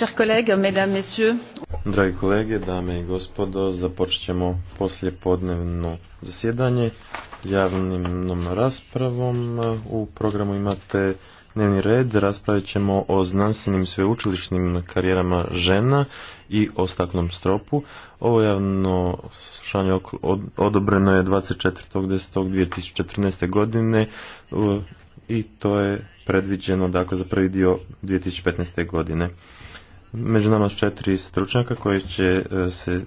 Chers collègues, Dragi kolege, dame i gospodo, započet ćemo poslije podnevno zasjedanje javnim raspravom. U programu imate dnevni red, raspravit ćemo o znanstvenim sveučilišnim karijerama žena i o staklom stropu. Ovo javno slušanje odobreno je 24.10.2014. godine i to je predviđeno dakle, za prvi dio 2015. godine. Među nama su četiri stručnjaka koji će e, se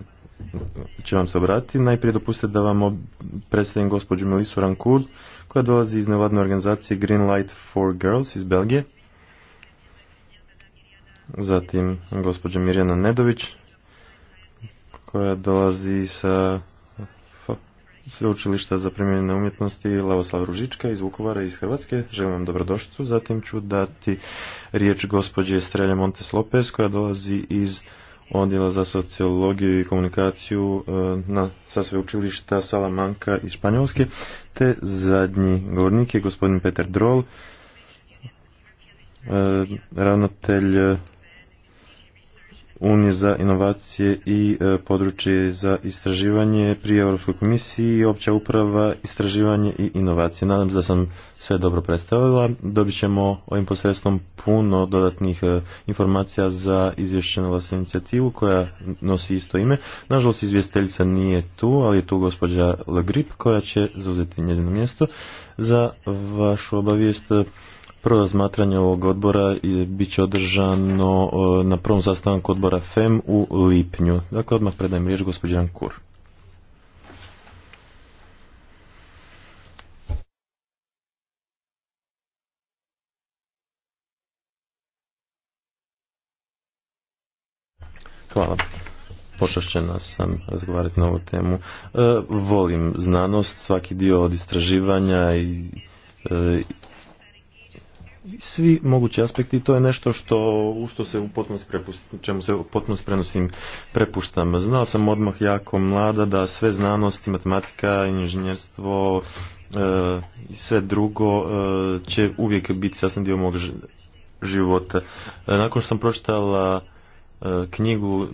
će vam se obratiti. Najprije dopustite da vam predstavim gospođu Melisu Rankur, koja dolazi iz nevladne organizacije Green Light for Girls iz Belgije. Zatim gospođa Mirjana Nedović, koja dolazi sa sveučilišta za primjenjene umjetnosti Lavoslav Ružička iz Vukovara iz Hrvatske. Želim vam dobrodošlicu. Zatim ću dati riječ gospođe Strelja Montes Lopez koja dolazi iz odjela za sociologiju i komunikaciju e, na, sa sveučilišta Salamanka iz Španjolske. Te zadnji govornik je gospodin Peter Drol, e, ravnatelj unije za inovacije i e, područje za istraživanje pri Europskoj komisiji i opća uprava istraživanje i inovacije. Nadam se da sam sve dobro predstavila. Dobit ćemo ovim posredstvom puno dodatnih e, informacija za izvješće na vlastnu inicijativu koja nosi isto ime. Nažalost, izvjestiteljica nije tu, ali je tu gospođa Le Grip koja će zauzeti njezino mjesto za vašu obavijest. Prvo razmatranje ovog odbora bit će održano e, na prvom sastanku odbora FEM u lipnju. Dakle, odmah predajem riječ gospođi Kur. Hvala. Počašćena sam razgovarati na ovu temu. E, volim znanost, svaki dio od istraživanja i e, svi mogući aspekti to je nešto što u što se u potpunosti čemu se u potpunosti prenosim prepuštam. Znao sam odmah jako mlada da sve znanosti, matematika, inženjerstvo e, i sve drugo e, će uvijek biti sasvim dio mog života. E, nakon što sam pročitala E, knjigu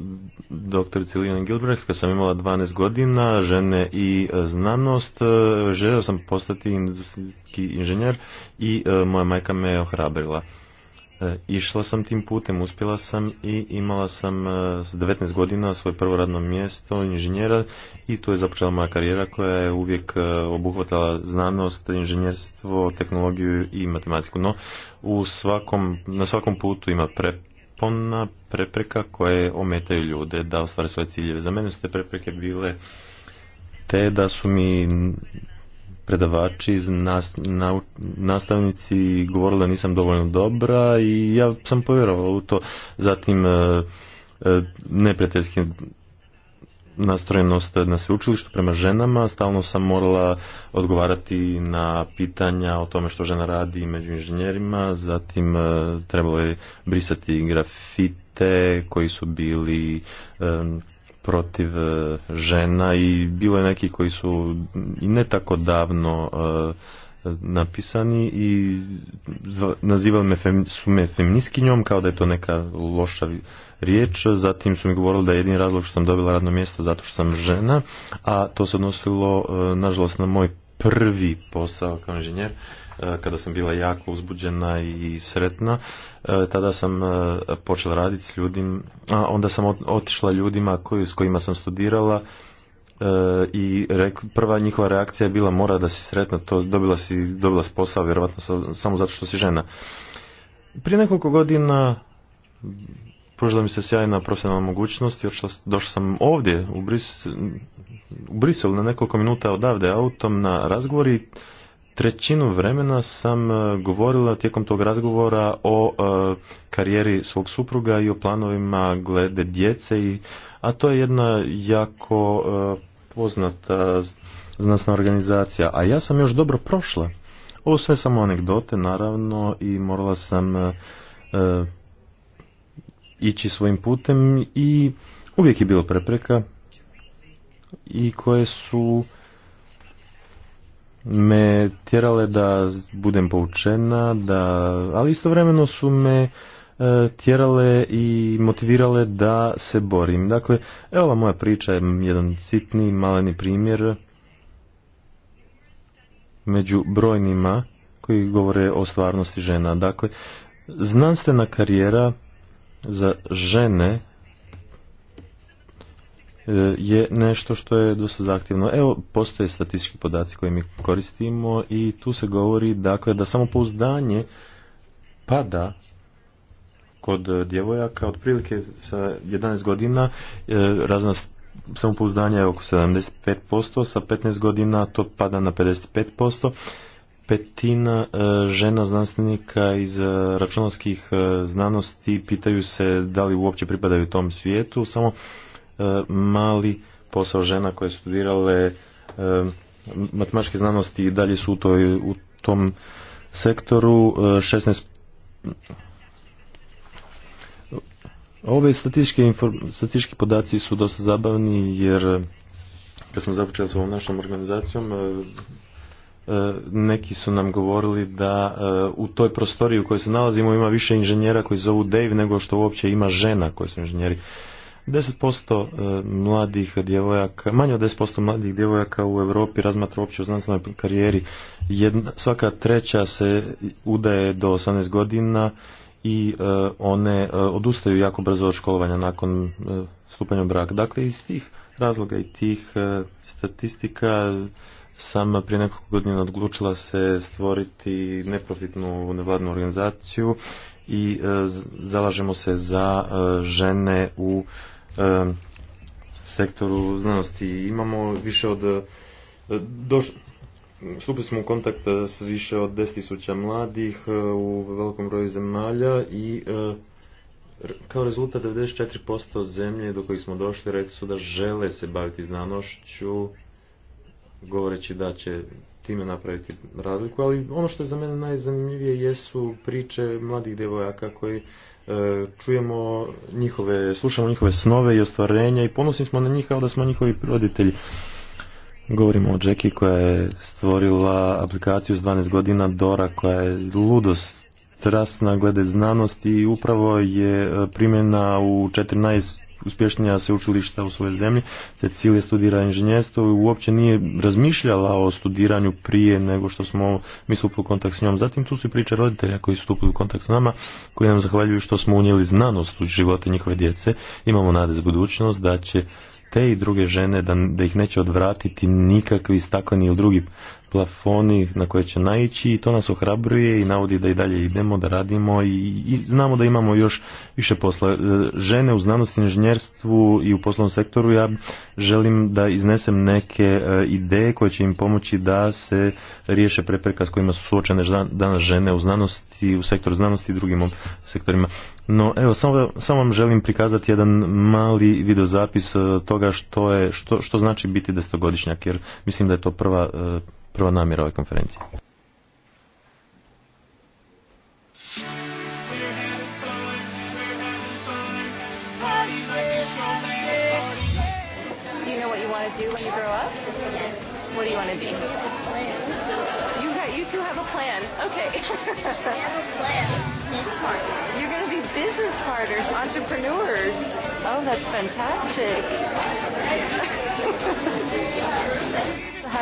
dr Lijan Gilbrecht kad sam imala 12 godina, žene i e, znanost. E, Želio sam postati industrijski inženjer i moja majka me ohrabrila. Išla sam tim putem, uspjela sam i imala sam s 19 godina svoje prvo radno mjesto inženjera i to je započela moja karijera koja je uvijek obuhvatala znanost, inženjerstvo, tehnologiju i matematiku. No, u na svakom putu ima pre, tona prepreka koje ometaju ljude da ostvare svoje ciljeve. Za mene su te prepreke bile te da su mi predavači, nastavnici govorili da nisam dovoljno dobra i ja sam povjerovao u to. Zatim eh, eh, nepreteljski nastrojenost na sveučilištu prema ženama. Stalno sam morala odgovarati na pitanja o tome što žena radi među inženjerima. Zatim e, trebalo je brisati grafite koji su bili e, protiv e, žena i bilo je neki koji su i ne tako davno napisani i nazivali me su me feministkinjom kao da je to neka loša riječ. Zatim su mi govorili da je jedini razlog što sam dobila radno mjesto zato što sam žena, a to se odnosilo e, nažalost na moj prvi posao kao inženjer e, kada sam bila jako uzbuđena i sretna e, tada sam počela raditi s ljudima a onda sam otišla ljudima koji, s kojima sam studirala E, i prva njihova reakcija je bila mora da si sretna, to dobila si, dobila si posao vjerojatno samo zato što si žena. Prije nekoliko godina pružila mi se sjajna profesionalna mogućnost, jer došao sam ovdje u, Bris, u Briselu na nekoliko minuta odavde autom na razgovor i trećinu vremena sam e, govorila tijekom tog razgovora o e, karijeri svog supruga i o planovima glede djece, i, a to je jedna jako poznata znanstvena organizacija, a ja sam još dobro prošla. Ovo sve samo anegdote, naravno, i morala sam ići svojim putem i uvijek je bilo prepreka i koje su me tjerale da budem poučena, da, ali istovremeno su me E, tjerale i motivirale da se borim. Dakle, evo ova moja priča jedan sitni, maleni primjer među brojnima koji govore o stvarnosti žena. Dakle, znanstvena karijera za žene e, je nešto što je dosta zahtjevno. Evo, postoje statistički podaci koje mi koristimo i tu se govori dakle, da samo pada kod e, djevojaka, otprilike sa 11 godina e, razna samopouzdanja je oko 75%, sa 15 godina to pada na 55%, petina e, žena znanstvenika iz računalskih znanosti pitaju se da li uopće pripadaju tom svijetu, samo mali posao žena koje su studirale matematičke znanosti i dalje su u, u tom sektoru, 16 Ove statističke, statistički podaci su dosta zabavni jer eh, kad smo započeli s ovom našom organizacijom eh, eh, neki su nam govorili da u toj prostoriji u kojoj se nalazimo ima više inženjera koji zovu Dave nego što uopće ima žena koji su inženjeri. 10% mladih djevojaka, manje od 10% mladih djevojaka u Europi razmatra uopće o znanstvenoj karijeri. svaka treća se udaje do 18 godina i e, one e, odustaju jako brzo od školovanja nakon e, stupanja u brak. Dakle, iz tih razloga i tih statistika sam prije nekoliko godina odlučila se stvoriti neprofitnu nevladnu organizaciju i zalažemo se za žene u sektoru znanosti. Imamo više od Stupili smo u kontakt e, s više od 10.000 mladih e, u velikom broju zemalja i e, kao rezultat 94% zemlje do kojih smo došli rekli su da žele se baviti znanošću, govoreći da će time napraviti razliku, ali ono što je za mene najzanimljivije jesu priče mladih devojaka koji čujemo njihove, slušamo njihove snove i ostvarenja i ponosni smo na njih kao da smo njihovi roditelji. Govorimo o Jackie koja je stvorila aplikaciju s 12 godina, Dora koja je ludost strasna glede znanosti i upravo je e, primjena u 14 uspješnija sveučilišta u svojoj zemlji. Cecilija studira inženjerstvo i uopće nije razmišljala o studiranju prije nego što smo mi stupili u kontakt s njom. Zatim tu su i priče roditelja koji su stupili u kontakt s nama, koji nam zahvaljuju što smo unijeli znanost u živote njihove djece. Imamo nade za budućnost da će te i druge žene, da, da ih neće odvratiti nikakvi stakleni ili drugi plafoni na koje će naići i to nas ohrabruje i navodi da i dalje idemo, da radimo i, znamo da imamo još više posla. E, žene u znanosti, inženjerstvu i u poslovnom sektoru ja želim da iznesem neke e, ideje koje će im pomoći da se riješe prepreka s kojima su suočene danas žene u znanosti, u sektoru znanosti i drugim sektorima. No, evo, samo, samo vam želim prikazati jedan mali videozapis e, toga što, je, što, što znači biti desetogodišnjak, jer mislim da je to prva prva namjera ove konferencije. What you want to you be business partners, entrepreneurs. Oh, that's fantastic.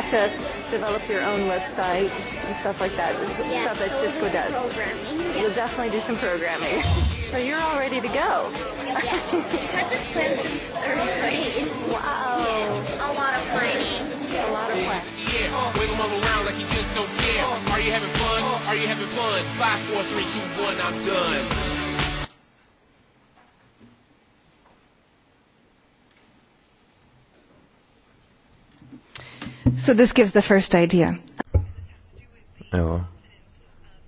have to develop your own website and stuff like that. stuff that so Cisco does. You'll definitely do some programming. So you're all ready to go. Yeah. Wow. A lot of planning. A lot of just Are you having fun? Are you having fun? Five, four, three, two, one. I'm done. So this gives the first idea. Evo,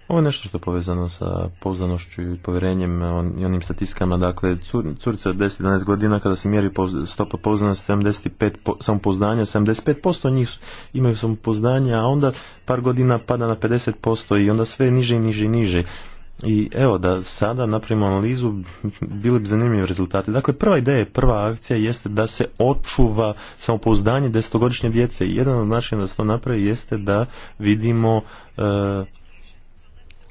ovo je nešto što je povezano sa pouzdanošću i povjerenjem i onim statistikama. Dakle, cur, curica od 10-11 godina kada se mjeri stopa pouzdanosti 75, po, samopouzdanja, 75% njih imaju samopouzdanja, a onda par godina pada na 50% i onda sve niže i niže i niže. I evo da sada napravimo analizu, bili bi zanimljivi rezultati. Dakle, prva ideja, prva akcija jeste da se očuva samopouzdanje desetogodišnje djece. I jedan od načina da se to napravi jeste da vidimo e,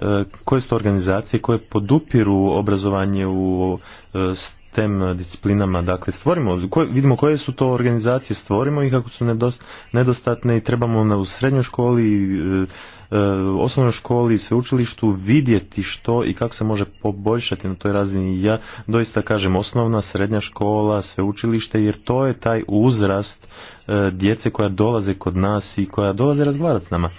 e, koje su to organizacije koje podupiru obrazovanje u e, tem disciplinama, dakle stvorimo, vidimo koje su to organizacije, stvorimo i kako su nedostatne i trebamo na, u srednjoj školi e, osnovnoj školi i sveučilištu vidjeti što i kako se može poboljšati na toj razini. Ja doista kažem osnovna, srednja škola, sveučilište jer to je taj uzrast e, djece koja dolaze kod nas i koja dolaze razgovarati s nama.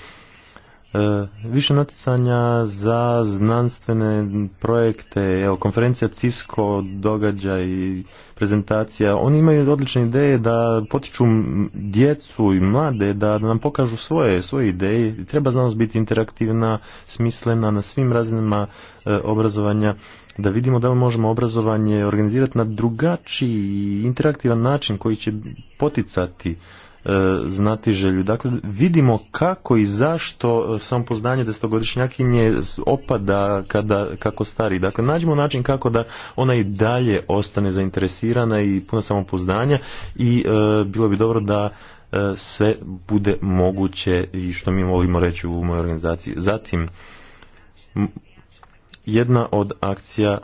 E, više natjecanja za znanstvene projekte, evo, konferencija Cisco, događaj, prezentacija, oni imaju odlične ideje da potiču djecu i mlade da nam pokažu svoje, svoje ideje. Treba znanost biti interaktivna, smislena na svim razinama e, obrazovanja da vidimo da li možemo obrazovanje organizirati na drugačiji interaktivan način koji će poticati E, znati želju. Dakle, vidimo kako i zašto e, samopoznanje desetogodišnjakinje opada kada, kako stari. Dakle, nađemo način kako da ona i dalje ostane zainteresirana i puno samopoznanja i e, bilo bi dobro da sve bude moguće i što mi volimo reći u mojoj organizaciji. Zatim, jedna od akcija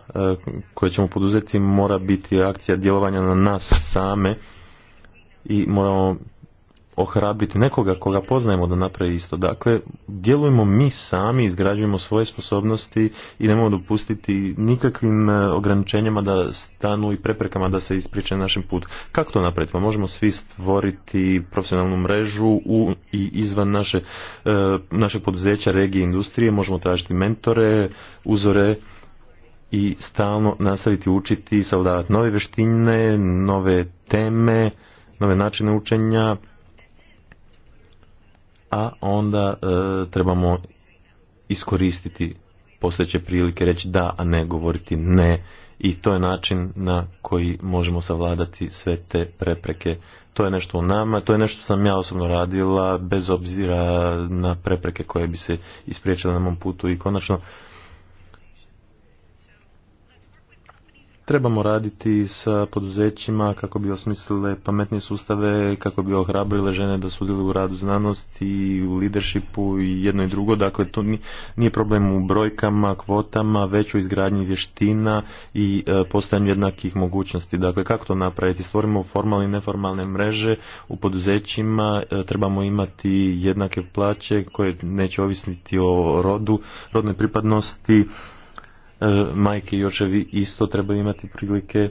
koje ćemo poduzeti mora biti akcija djelovanja na nas same i moramo ohrabriti nekoga koga poznajemo da napravi isto. Dakle, djelujemo mi sami, izgrađujemo svoje sposobnosti i nemojmo dopustiti nikakvim e, ograničenjima da stanu i preprekama da se ispriče na našem putu. Kako to napraviti? Pa možemo svi stvoriti profesionalnu mrežu u i izvan naše, e, poduzeća, regije, industrije. Možemo tražiti mentore, uzore, i stalno nastaviti učiti i savodavati nove vještine, nove teme, nove načine učenja, a onda e, trebamo iskoristiti postojeće prilike reći da, a ne govoriti ne i to je način na koji možemo savladati sve te prepreke. To je nešto u nama, to je nešto sam ja osobno radila bez obzira na prepreke koje bi se ispriječile na mom putu i konačno trebamo raditi sa poduzećima kako bi osmislile pametne sustave, kako bi ohrabrile žene da sudjeluju u radu znanosti, u leadershipu i jedno i drugo. Dakle, to nije problem u brojkama, kvotama, već u izgradnji vještina i e, postojanju jednakih mogućnosti. Dakle, kako to napraviti? Stvorimo formalne i neformalne mreže u poduzećima, e, trebamo imati jednake plaće koje neće ovisniti o rodu, rodnoj pripadnosti, E, majke i očevi isto treba imati prilike.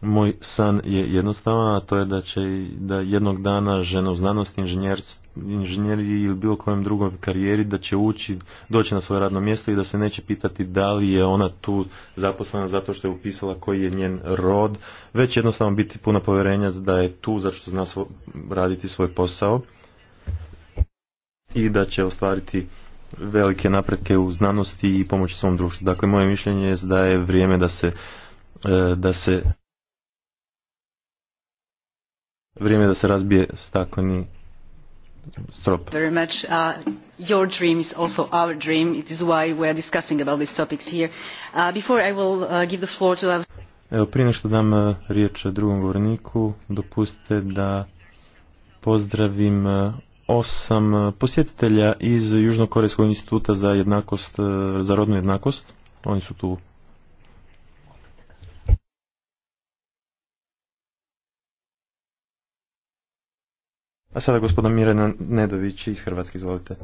Moj san je jednostavan, a to je da će da jednog dana žena u znanosti, inženjeriji ili bilo kojem drugom karijeri da će ući, doći na svoje radno mjesto i da se neće pitati da li je ona tu zaposlena zato što je upisala koji je njen rod, već jednostavno biti puna povjerenja da je tu zato što zna raditi svoj posao i da će ostvariti velike napretke u znanosti i pomoći svom društvu. Dakle, moje mišljenje je da je vrijeme da se e, da se vrijeme da se razbije stakleni strop. Very much. Uh, your dream is also our dream. It is why we are discussing about these topics here. Uh, before I will uh, give the floor to our... Evo, prije nešto dam uh, riječ drugom govorniku, dopustite da pozdravim uh, osam e, posjetitelja iz Južnokorejskog instituta za jednakost, e, za rodnu jednakost. Oni su tu. A sada gospoda Mirena Nedović iz Hrvatske, izvolite.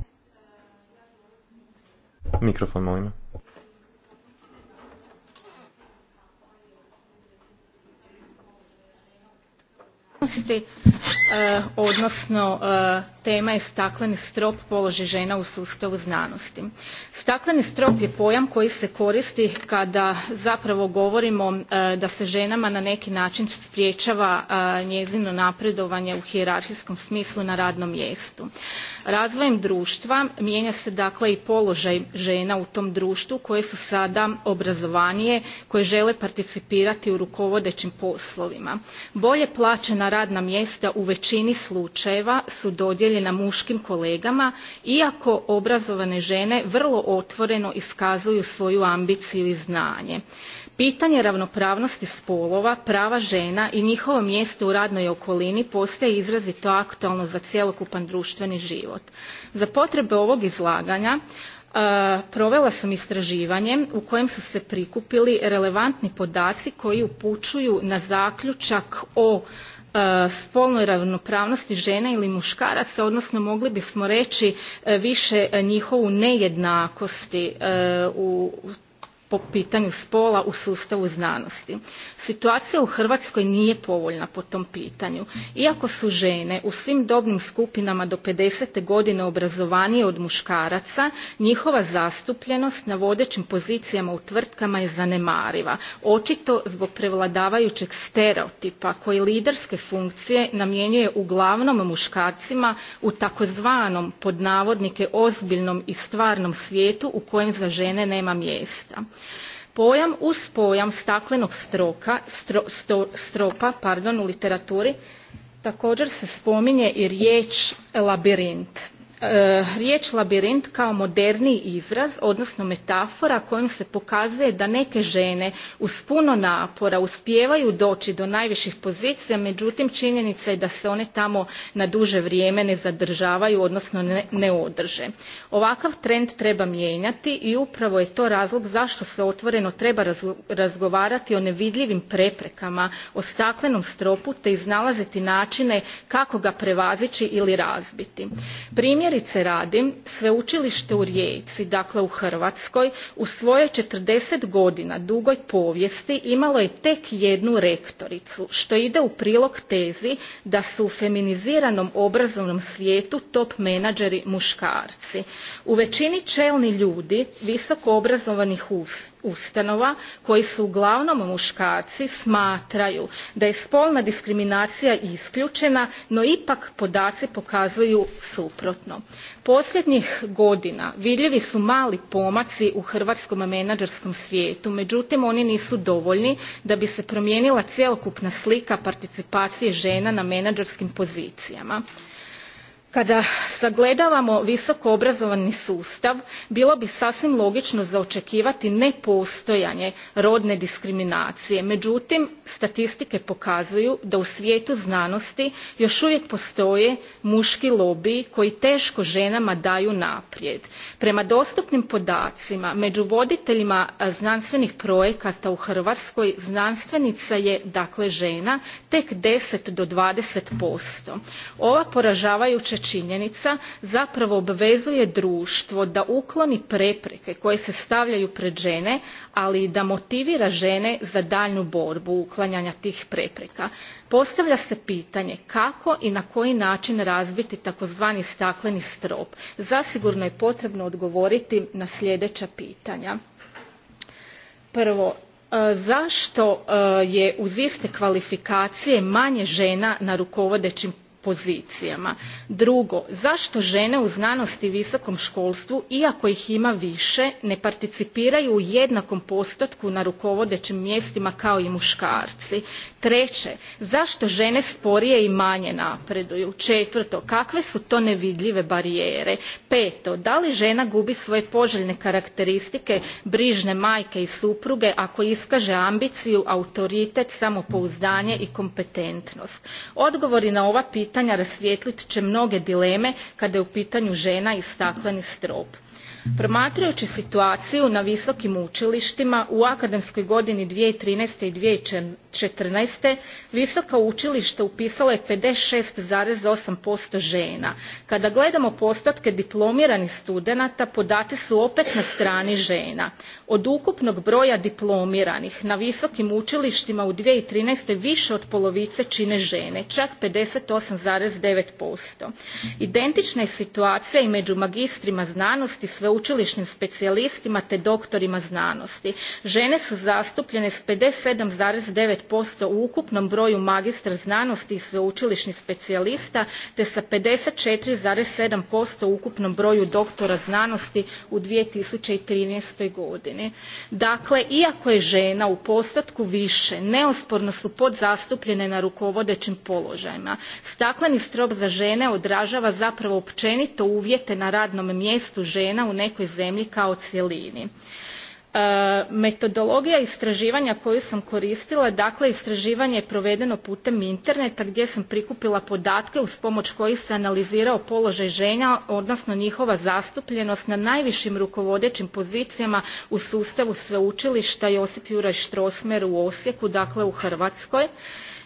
Mikrofon, molim. E, odnosno e, tema je stakleni strop položaj žena u sustavu znanosti. stakleni strop je pojam koji se koristi kada zapravo govorimo e, da se ženama na neki način sprječava njezino napredovanje u hijerarhijskom smislu na radnom mjestu. razvojem društva mijenja se dakle i položaj žena u tom društvu koje su sada obrazovanije koje žele participirati u rukovodećim poslovima. bolje plaćena radna mjesta u većini slučajeva su dodijeljena muškim kolegama iako obrazovane žene vrlo otvoreno iskazuju svoju ambiciju i znanje pitanje ravnopravnosti spolova prava žena i njihovo mjesto u radnoj okolini postaje izrazito aktualno za cjelokupan društveni život za potrebe ovog izlaganja e, provela sam istraživanje u kojem su se prikupili relevantni podaci koji upućuju na zaključak o E, spolnoj ravnopravnosti žena ili muškaraca odnosno mogli bismo reći e, više njihovu nejednakosti e, u po pitanju spola u sustavu znanosti. Situacija u Hrvatskoj nije povoljna po tom pitanju. Iako su žene u svim dobnim skupinama do 50. godine obrazovanije od muškaraca, njihova zastupljenost na vodećim pozicijama u tvrtkama je zanemariva. Očito zbog prevladavajućeg stereotipa koji liderske funkcije namjenjuje uglavnom muškarcima u takozvanom pod navodnike ozbiljnom i stvarnom svijetu u kojem za žene nema mjesta. Pojam uz pojam staklenog stroka, stropa pardon, u literaturi također se spominje i riječ labirint E, riječ labirint kao moderniji izraz odnosno metafora kojom se pokazuje da neke žene uz puno napora uspijevaju doći do najviših pozicija međutim činjenica je da se one tamo na duže vrijeme ne zadržavaju odnosno ne, ne održe. ovakav trend treba mijenjati i upravo je to razlog zašto se otvoreno treba razgovarati o nevidljivim preprekama o staklenom stropu te iznalaziti načine kako ga prevazići ili razbiti. primjer primjerice radim sveučilište u rijeci dakle u hrvatskoj u svojoj četrdeset godina dugoj povijesti imalo je tek jednu rektoricu što ide u prilog tezi da su u feminiziranom obrazovnom svijetu top menadžeri muškarci. u većini čelni ljudi visokoobrazovanih ustanova koji su uglavnom muškarci smatraju da je spolna diskriminacija isključena no ipak podaci pokazuju suprotno. posljednjih godina vidljivi su mali pomaci u hrvatskom menadžerskom svijetu međutim oni nisu dovoljni da bi se promijenila cjelokupna slika participacije žena na menadžerskim pozicijama kada sagledavamo visoko obrazovani sustav bilo bi sasvim logično za nepostojanje rodne diskriminacije međutim statistike pokazuju da u svijetu znanosti još uvijek postoje muški lobiji koji teško ženama daju naprijed prema dostupnim podacima među voditeljima znanstvenih projekata u hrvatskoj znanstvenica je dakle žena tek 10 do twenty ova poražavajuća činjenica zapravo obvezuje društvo da ukloni prepreke koje se stavljaju pred žene ali i da motivira žene za daljnju borbu uklanjanja tih prepreka postavlja se pitanje kako i na koji način razbiti takozvani stakleni strop zasigurno je potrebno odgovoriti na sljedeća pitanja prvo e, zašto e, je uz iste kvalifikacije manje žena na rukovodećim pozicijama. Drugo, zašto žene u znanosti i visokom školstvu, iako ih ima više, ne participiraju u jednakom postotku na rukovodećim mjestima kao i muškarci? Treće, zašto žene sporije i manje napreduju? Četvrto, kakve su to nevidljive barijere? Peto, da li žena gubi svoje poželjne karakteristike brižne majke i supruge ako iskaže ambiciju, autoritet, samopouzdanje i kompetentnost? Odgovori na ova pitanja pitanja rasvijetlit će mnoge dileme kada je u pitanju žena i stakleni strop promatrajući situaciju na visokim učilištima u akademskoj godini. two and i. two visoka učilišta upisalo je fifty six žena. kada gledamo postatke diplomiranih studenata podaci su opet na strani žena. od ukupnog broja diplomiranih na visokim učilištima u. 2013. and više od polovice čine žene čak fifty eight nine identična je situacija i među magistrima znanosti učilišnim specijalistima te doktorima znanosti. Žene su zastupljene s 57,9% u ukupnom broju magistra znanosti i sveučilišnih specijalista te sa 54,7% u ukupnom broju doktora znanosti u 2013. godini. Dakle, iako je žena u postatku više, neosporno su podzastupljene na rukovodećim položajima. Stakleni strop za žene odražava zapravo općenito uvjete na radnom mjestu žena u nekoj zemlji kao cjelini. E, metodologija istraživanja koju sam koristila dakle istraživanje je provedeno putem interneta gdje sam prikupila podatke uz pomoć kojih se analizirao položaj žena odnosno njihova zastupljenost na najvišim rukovodećim pozicijama u sustavu sveučilišta Josip Juraj Štrosmer u Osijeku dakle u Hrvatskoj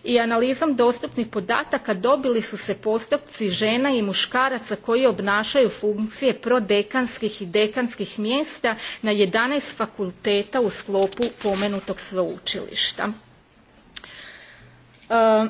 i analizom dostupnih podataka dobili su se postupci žena i muškaraca koji obnašaju funkcije prodekanskih i dekanskih mjesta na 11 fakulteta u sklopu pomenutog sveučilišta. E,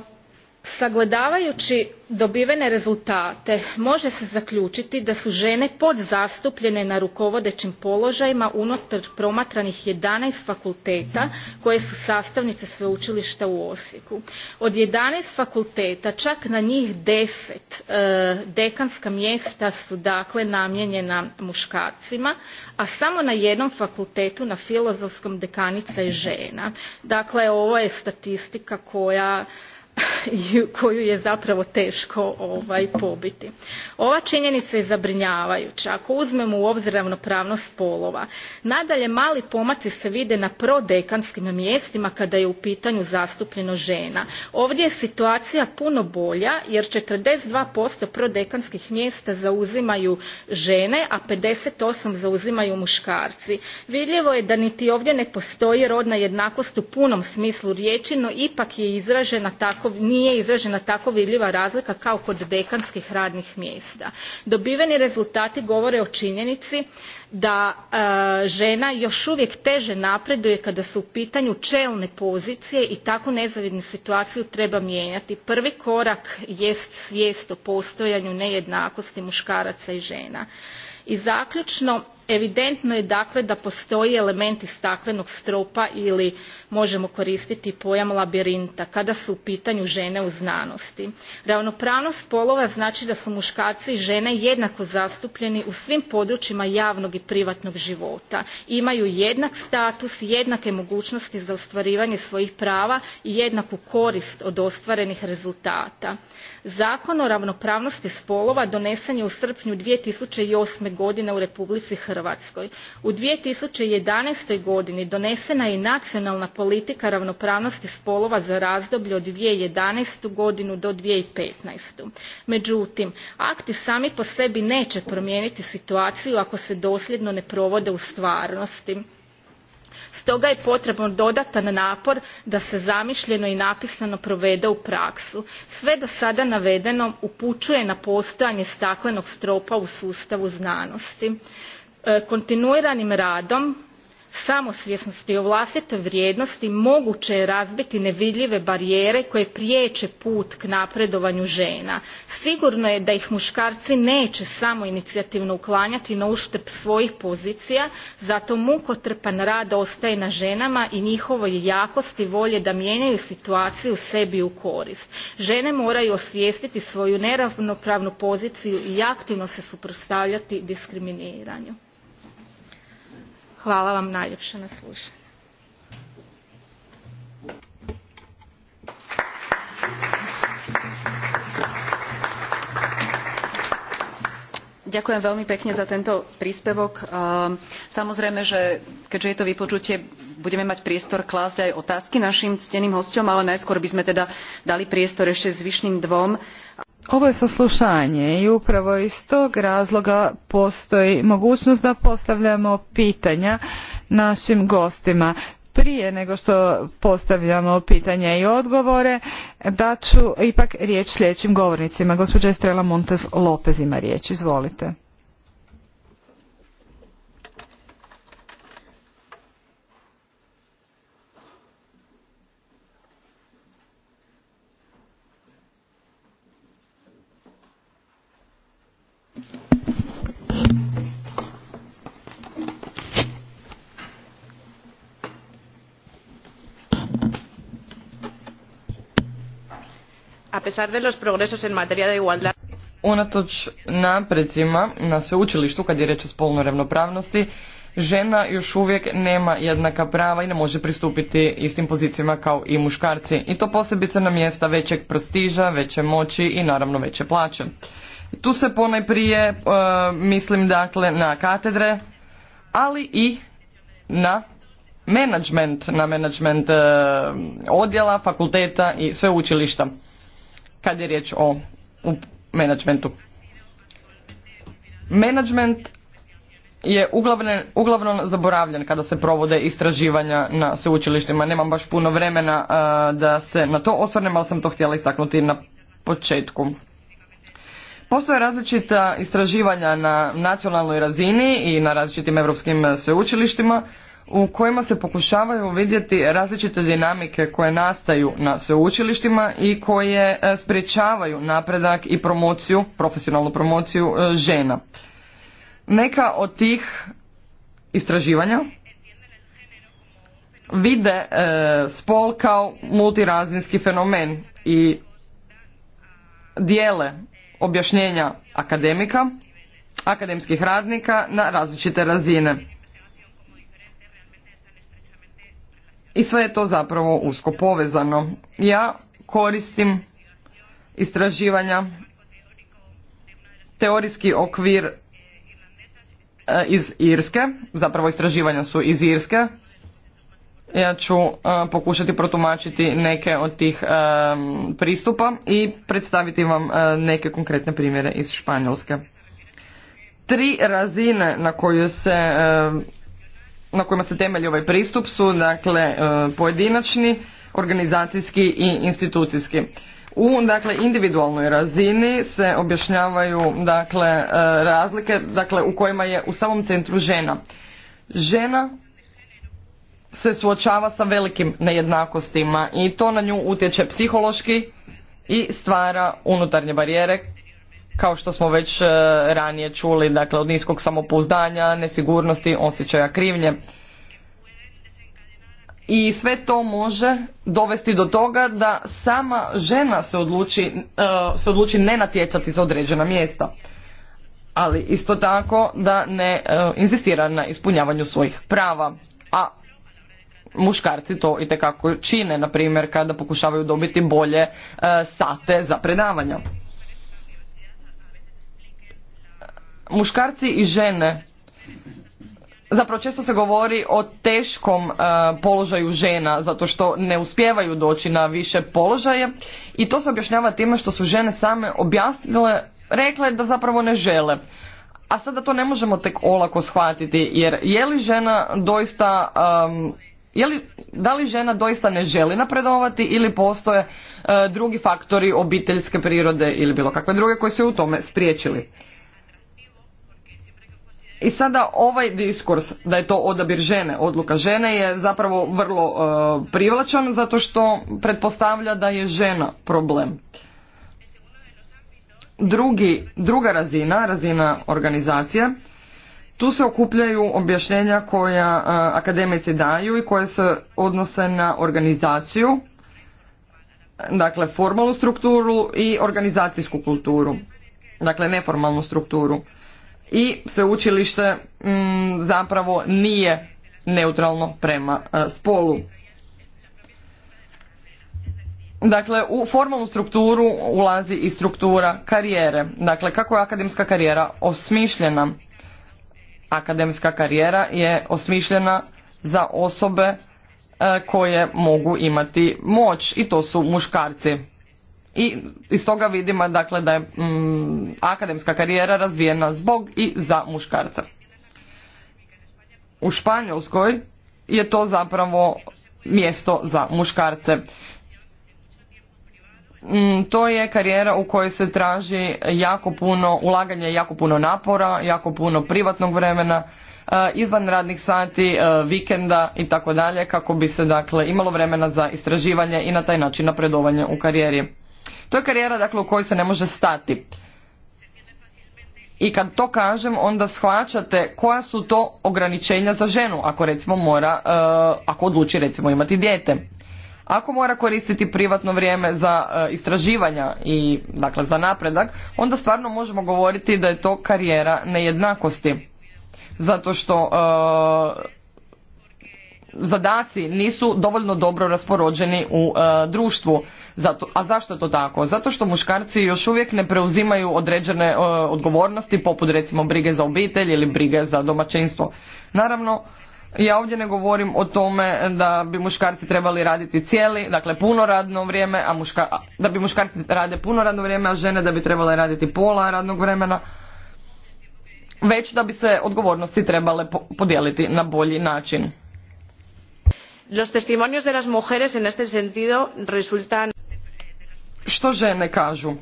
sagledavajući dobivene rezultate može se zaključiti da su žene podzastupljene na rukovodećim položajima unutar promatranih 11 fakulteta koje su sastavnice sveučilišta u osijeku. od 11 fakulteta čak na njih deset e, dekanska mjesta su dakle namijenjena muškarcima a samo na jednom fakultetu na filozofskom dekanica je žena. dakle ovo je statistika koja koju je zapravo teško ovaj pobiti. Ova činjenica je zabrinjavajuća ako uzmemo u obzir ravnopravnost spolova. Nadalje mali pomaci se vide na prodekanskim mjestima kada je u pitanju zastupljeno žena. Ovdje je situacija puno bolja jer 42% prodekanskih mjesta zauzimaju žene, a 58 zauzimaju muškarci. Vidljivo je da niti ovdje ne postoji rodna jednakost u punom smislu riječi, no ipak je izražena tako nije izražena tako vidljiva razlika kao kod dekanskih radnih mjesta. Dobiveni rezultati govore o činjenici da e, žena još uvijek teže napreduje kada su u pitanju čelne pozicije i takvu nezavidnu situaciju treba mijenjati. Prvi korak jest svijest o postojanju nejednakosti muškaraca i žena i zaključno evidentno je dakle da postoji elementi staklenog stropa ili možemo koristiti pojam labirinta kada su u pitanju žene u znanosti. ravnopravnost polova znači da su muškarci i žene jednako zastupljeni u svim područjima javnog i privatnog života imaju jednak status jednake mogućnosti za ostvarivanje svojih prava i jednaku korist od ostvarenih rezultata zakon o ravnopravnosti spolova donesen je u srpnju. two thousand eight godine u republici hrvatskoj. u. two thousand and godini donesena je i nacionalna politika ravnopravnosti spolova za razdoblje od. two thousand and eleven godinu do. two thousand and fifteen akti sami po sebi nee promijeniti situaciju ako se dosljedno ne provode u stvarnosti stoga je potreban dodatan napor da se zamišljeno i napisano provede u praksu. sve do sada navedeno upućuje na postojanje staklenog stropa u sustavu znanosti e, kontinuiranim radom samosvjesnosti o vlastitoj vrijednosti moguće je razbiti nevidljive barijere koje priječe put k napredovanju žena sigurno je da ih muškarci neće samo inicijativno uklanjati na uštrb svojih pozicija zato mukotrpan rad ostaje na ženama i njihovoj jakosti volje da mijenjaju situaciju sebi u korist žene moraju osvijestiti svoju neravnopravnu poziciju i aktivno se suprotstavljati diskriminiranju Hvala vam najljepše na slušanje. Ďakujem veľmi pekne za tento príspevok. Ehm, samozrejme, že keďže je to vypočutie, budeme mať priestor klásť aj otázky našim cteným hosťom, ale najskôr by sme teda dali priestor ešte zvyšným dvom. Ovo je saslušanje i upravo iz tog razloga postoji mogućnost da postavljamo pitanja našim gostima. Prije nego što postavljamo pitanja i odgovore, dat ću ipak riječ sljedećim govornicima. Gospođa Estrela Montes Lopez ima riječ. Izvolite. pesar de los progresos en materia de igualdad unatoč naprecima na sveučilištu kad je reč o spolnoj ravnopravnosti žena još uvijek nema jednaka prava i ne može pristupiti istim pozicijama kao i muškarci i to posebice na mjesta većeg prestiža veće moći i naravno veće plaće tu se ponajprije e, mislim dakle na katedre ali i na menadžment na menadžment e, odjela fakulteta i sveučilišta kad je riječ o menadžmentu. Menadžment je uglavnom zaboravljen kada se provode istraživanja na sveučilištima. Nemam baš puno vremena da se na to osvrnem, ali sam to htjela istaknuti na početku. Postoje različita istraživanja na nacionalnoj razini i na različitim europskim sveučilištima u kojima se pokušavaju vidjeti različite dinamike koje nastaju na sveučilištima i koje e, sprječavaju napredak i promociju, profesionalnu promociju e, žena. Neka od tih istraživanja vide e, spol kao multirazinski fenomen i dijele objašnjenja akademika, akademskih radnika na različite razine i sve je to zapravo usko povezano. Ja koristim istraživanja teorijski okvir e, iz Irske, zapravo istraživanja su iz Irske. Ja ću e, pokušati protumačiti neke od tih e, pristupa i predstaviti vam neke konkretne primjere iz Španjolske. Tri razine na koje se na kojima se temelji ovaj pristup su dakle e, pojedinačni, organizacijski i institucijski. U dakle individualnoj razini se objašnjavaju dakle e, razlike dakle u kojima je u samom centru žena. Žena se suočava sa velikim nejednakostima i to na nju utječe psihološki i stvara unutarnje barijere kao što smo već e, ranije čuli, dakle od niskog samopouzdanja, nesigurnosti, osjećaja krivnje. I sve to može dovesti do toga da sama žena se odluči, e, se odluči ne natjecati za određena mjesta. Ali isto tako da ne e, inzistira na ispunjavanju svojih prava. A muškarci to i čine, na primjer kada pokušavaju dobiti bolje sate za predavanja. muškarci i žene zapravo često se govori o teškom e, položaju žena zato što ne uspijevaju doći na više položaje i to se objašnjava time što su žene same objasnile rekle da zapravo ne žele a sada to ne možemo tek olako shvatiti jer je li žena doista je li, da li žena doista ne želi napredovati ili postoje e, drugi faktori obiteljske prirode ili bilo kakve druge koji su u tome spriječili i sada ovaj diskurs da je to odabir žene, odluka žene je zapravo vrlo e, privlačan zato što pretpostavlja da je žena problem. Drugi, druga razina, razina organizacije, tu se okupljaju objašnjenja koja e, akademici daju i koje se odnose na organizaciju, dakle formalnu strukturu i organizacijsku kulturu, dakle neformalnu strukturu i sveučilište mm, zapravo nije neutralno prema e, spolu. Dakle, u formalnu strukturu ulazi i struktura karijere. Dakle, kako je akademska karijera osmišljena? Akademska karijera je osmišljena za osobe e, koje mogu imati moć i to su muškarci i iz toga vidimo dakle da je mm, akademska karijera razvijena zbog i za muškarca. U Španjolskoj je to zapravo mjesto za muškarce. Mm, to je karijera u kojoj se traži jako puno ulaganja, jako puno napora, jako puno privatnog vremena, eh, izvan radnih sati, eh, vikenda i tako dalje kako bi se dakle imalo vremena za istraživanje i na taj način napredovanje u karijeri. To je karijera dakle, u kojoj se ne može stati. I kad to kažem, onda shvaćate koja su to ograničenja za ženu, ako recimo mora, e, ako odluči recimo imati dijete. Ako mora koristiti privatno vrijeme za e, istraživanja i dakle za napredak, onda stvarno možemo govoriti da je to karijera nejednakosti. Zato što e, zadaci nisu dovoljno dobro rasporođeni u e, društvu. a zašto je to tako? Zato što muškarci još uvijek ne preuzimaju određene e, odgovornosti poput recimo brige za obitelj ili brige za domaćinstvo. Naravno, ja ovdje ne govorim o tome da bi muškarci trebali raditi cijeli, dakle puno radno vrijeme, a muška, da bi muškarci rade puno radno vrijeme, a žene da bi trebale raditi pola radnog vremena već da bi se odgovornosti trebale podijeliti na bolji način los testimonios de las mujeres en este sentido resultan što žene kažu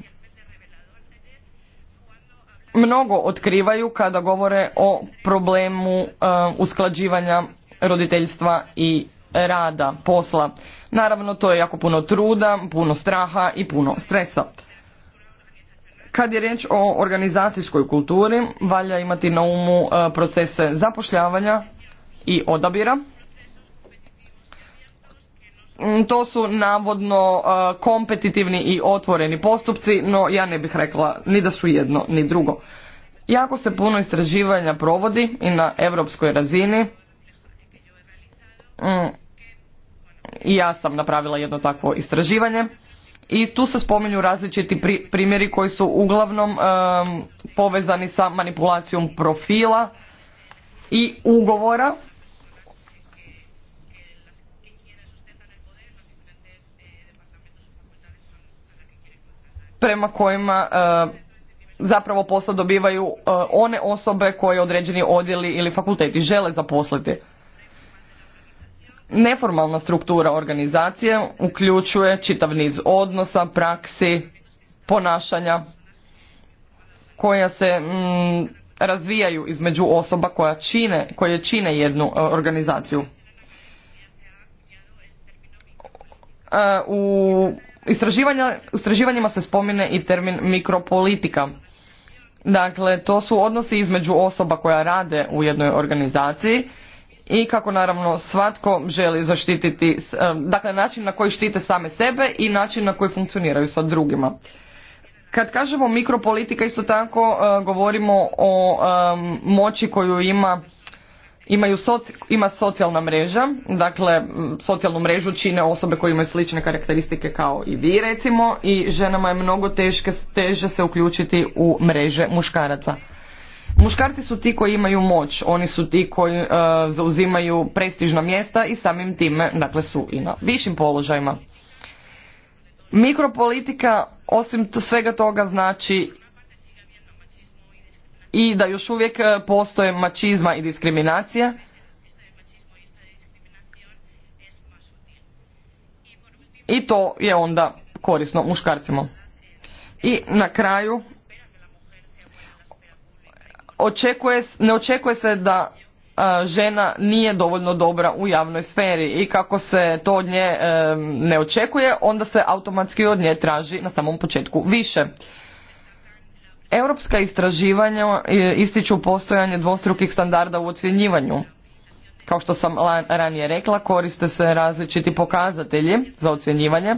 mnogo otkrivaju kada govore o problemu e, usklađivanja roditeljstva i rada posla naravno to je jako puno truda puno straha i puno stresa kad je riječ o organizacijskoj kulturi valja imati na umu e, procese zapošljavanja i odabira Mm, to su navodno uh, kompetitivni i otvoreni postupci, no ja ne bih rekla ni da su jedno ni drugo. Jako se puno istraživanja provodi i na europskoj razini. Mm, I ja sam napravila jedno takvo istraživanje i tu se spominju različiti primjeri koji su uglavnom um, povezani sa manipulacijom profila i ugovora prema kojima e, zapravo posao dobivaju e, one osobe koje određeni odjeli ili fakulteti žele zaposliti. Neformalna struktura organizacije uključuje čitav niz odnosa, praksi, ponašanja koja se mm, razvijaju između osoba koja čine, koje čine jednu e, organizaciju. U istraživanjima se spomine i termin mikropolitika. Dakle, to su odnosi između osoba koja rade u jednoj organizaciji i kako naravno svatko želi zaštititi, e, dakle način na koji štite same sebe i način na koji funkcioniraju sa drugima. Kad kažemo mikropolitika isto tako e, govorimo o e, moći koju ima imaju ima socijalna mreža, dakle socijalnu mrežu čine osobe koje imaju slične karakteristike kao i vi recimo i ženama je mnogo teške, teže se uključiti u mreže muškaraca. Muškarci su ti koji imaju moć, oni su ti koji e, zauzimaju prestižna mjesta i samim time dakle su i na višim položajima. Mikropolitika osim svega toga znači i da još uvijek e, postoje mačizma i diskriminacija. I to je onda korisno muškarcima. I na kraju očekuje, ne očekuje se da e, žena nije dovoljno dobra u javnoj sferi i kako se to od nje e, ne očekuje, onda se automatski od nje traži na samom početku više. Europska istraživanja e, ističu postojanje dvostrukih standarda u ocjenjivanju. Kao što sam ranije rekla, koriste se različiti pokazatelji za ocjenjivanje,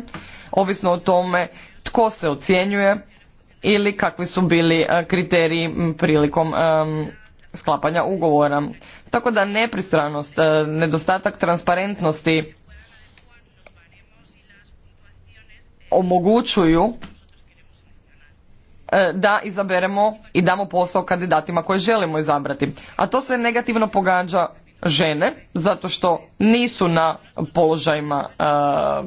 ovisno o tome tko se ocjenjuje ili kakvi su bili e, kriteriji prilikom sklapanja ugovora. Tako da nepristranost, e, nedostatak transparentnosti omogućuju E, da izaberemo i damo posao kandidatima koje želimo izabrati. A to se negativno pogađa žene zato što nisu na položajima e,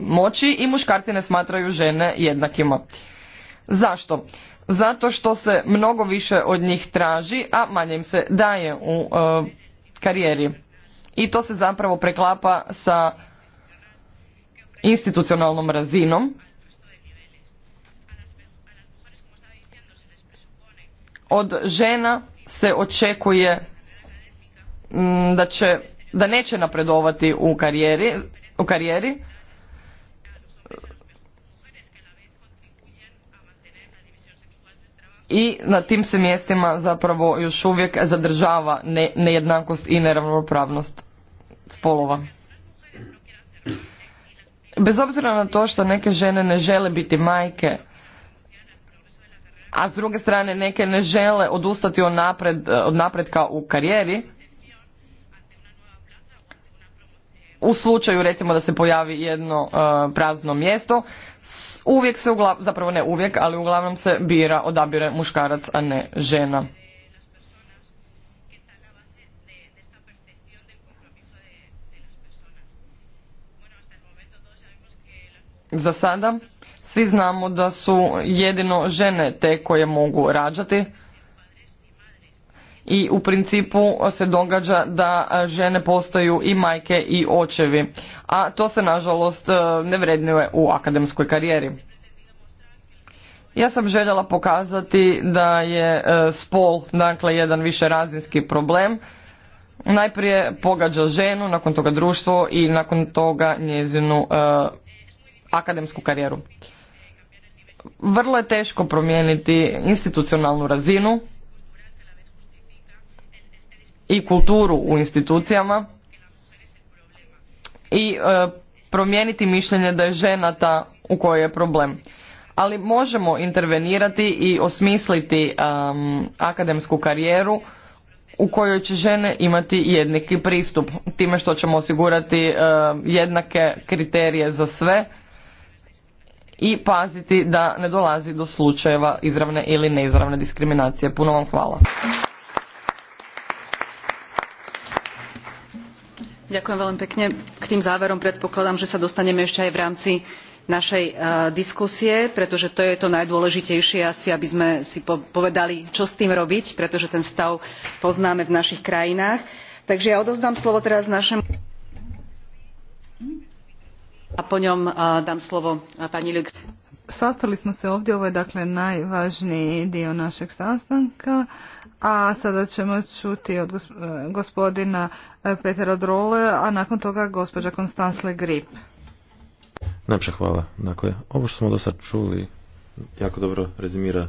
moći i muškarci ne smatraju žene jednakima. Zašto? Zato što se mnogo više od njih traži, a manje im se daje u e, karijeri. I to se zapravo preklapa sa institucionalnom razinom od žena se očekuje mm, da će da neće napredovati u karijeri, u karijeri i na tim se mjestima zapravo još uvijek zadržava nejednakost i neravnopravnost spolova. Bez obzira na to što neke žene ne žele biti majke, a s druge strane neke ne žele odustati od, od napretka u karijeri, u slučaju recimo da se pojavi jedno e, prazno mjesto, uvijek se, zapravo ne uvijek, ali uglavnom se bira, odabire muškarac, a ne žena. Za sada svi znamo da su jedino žene te koje mogu rađati i u principu se događa da e, žene postaju i majke i očevi, a to se nažalost e, ne vrednjuje u akademskoj karijeri. Ja sam željela pokazati da je e, spol dakle jedan razinski problem. Najprije pogađa ženu, nakon toga društvo i nakon toga njezinu akademsku karijeru vrlo je teško promijeniti institucionalnu razinu i kulturu u institucijama i e, promijeniti mišljenje da je žena ta u kojoj je problem ali možemo intervenirati i osmisliti akademsku karijeru u kojoj će žene imati jednaki pristup time što ćemo osigurati e, jednake kriterije za sve i paziti da ne dolazi do slučajeva izravne ili neizravne diskriminacije. Puno vam hvala. Ďakujem veľmi pekne. K tým záverom predpokladám, že sa dostaneme ešte aj v rámci našej uh, diskusie, pretože to je to najdôležitejšie asi, aby sme si povedali, čo s tým robiť, pretože ten stav poznáme v našich krajinách. Takže ja odozdam slovo teraz našemu... A po Sastali smo se ovdje, ovo je dakle najvažniji dio našeg sastanka, a sada ćemo čuti od e, gospodina e, Petera Drole, a nakon toga gospođa Konstansle Grip. Najpša hvala. Dakle, ovo što smo do sad čuli jako dobro rezimira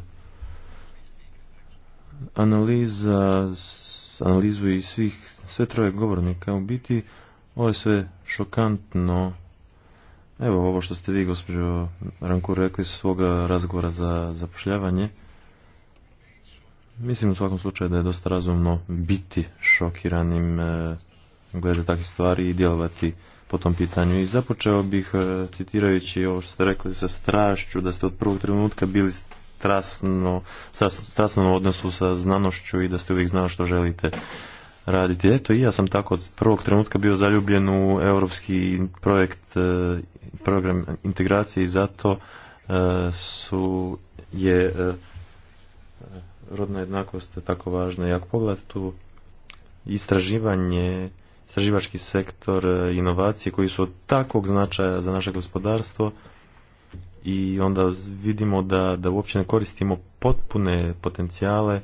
analiza, analizu i svih, sve troje govornika. U biti, ovo je sve šokantno Evo ovo što ste vi, gospođo Ranku, rekli svoga razgovora za zapošljavanje. Mislim u svakom slučaju da je dosta razumno biti šokiranim e, glede takve stvari i djelovati po tom pitanju. I započeo bih e, citirajući ovo što ste rekli sa strašću, da ste od prvog trenutka bili strasno, strasno u odnosu sa znanošću i da ste uvijek znali što želite raditi. Eto, i ja sam tako od prvog trenutka bio zaljubljen u europski projekt, e, program integracije i zato e, su je e, rodna jednakost tako važna. I ako pogledate tu istraživanje, istraživački sektor, inovacije koji su od takvog značaja za naše gospodarstvo i onda vidimo da, da uopće ne koristimo potpune potencijale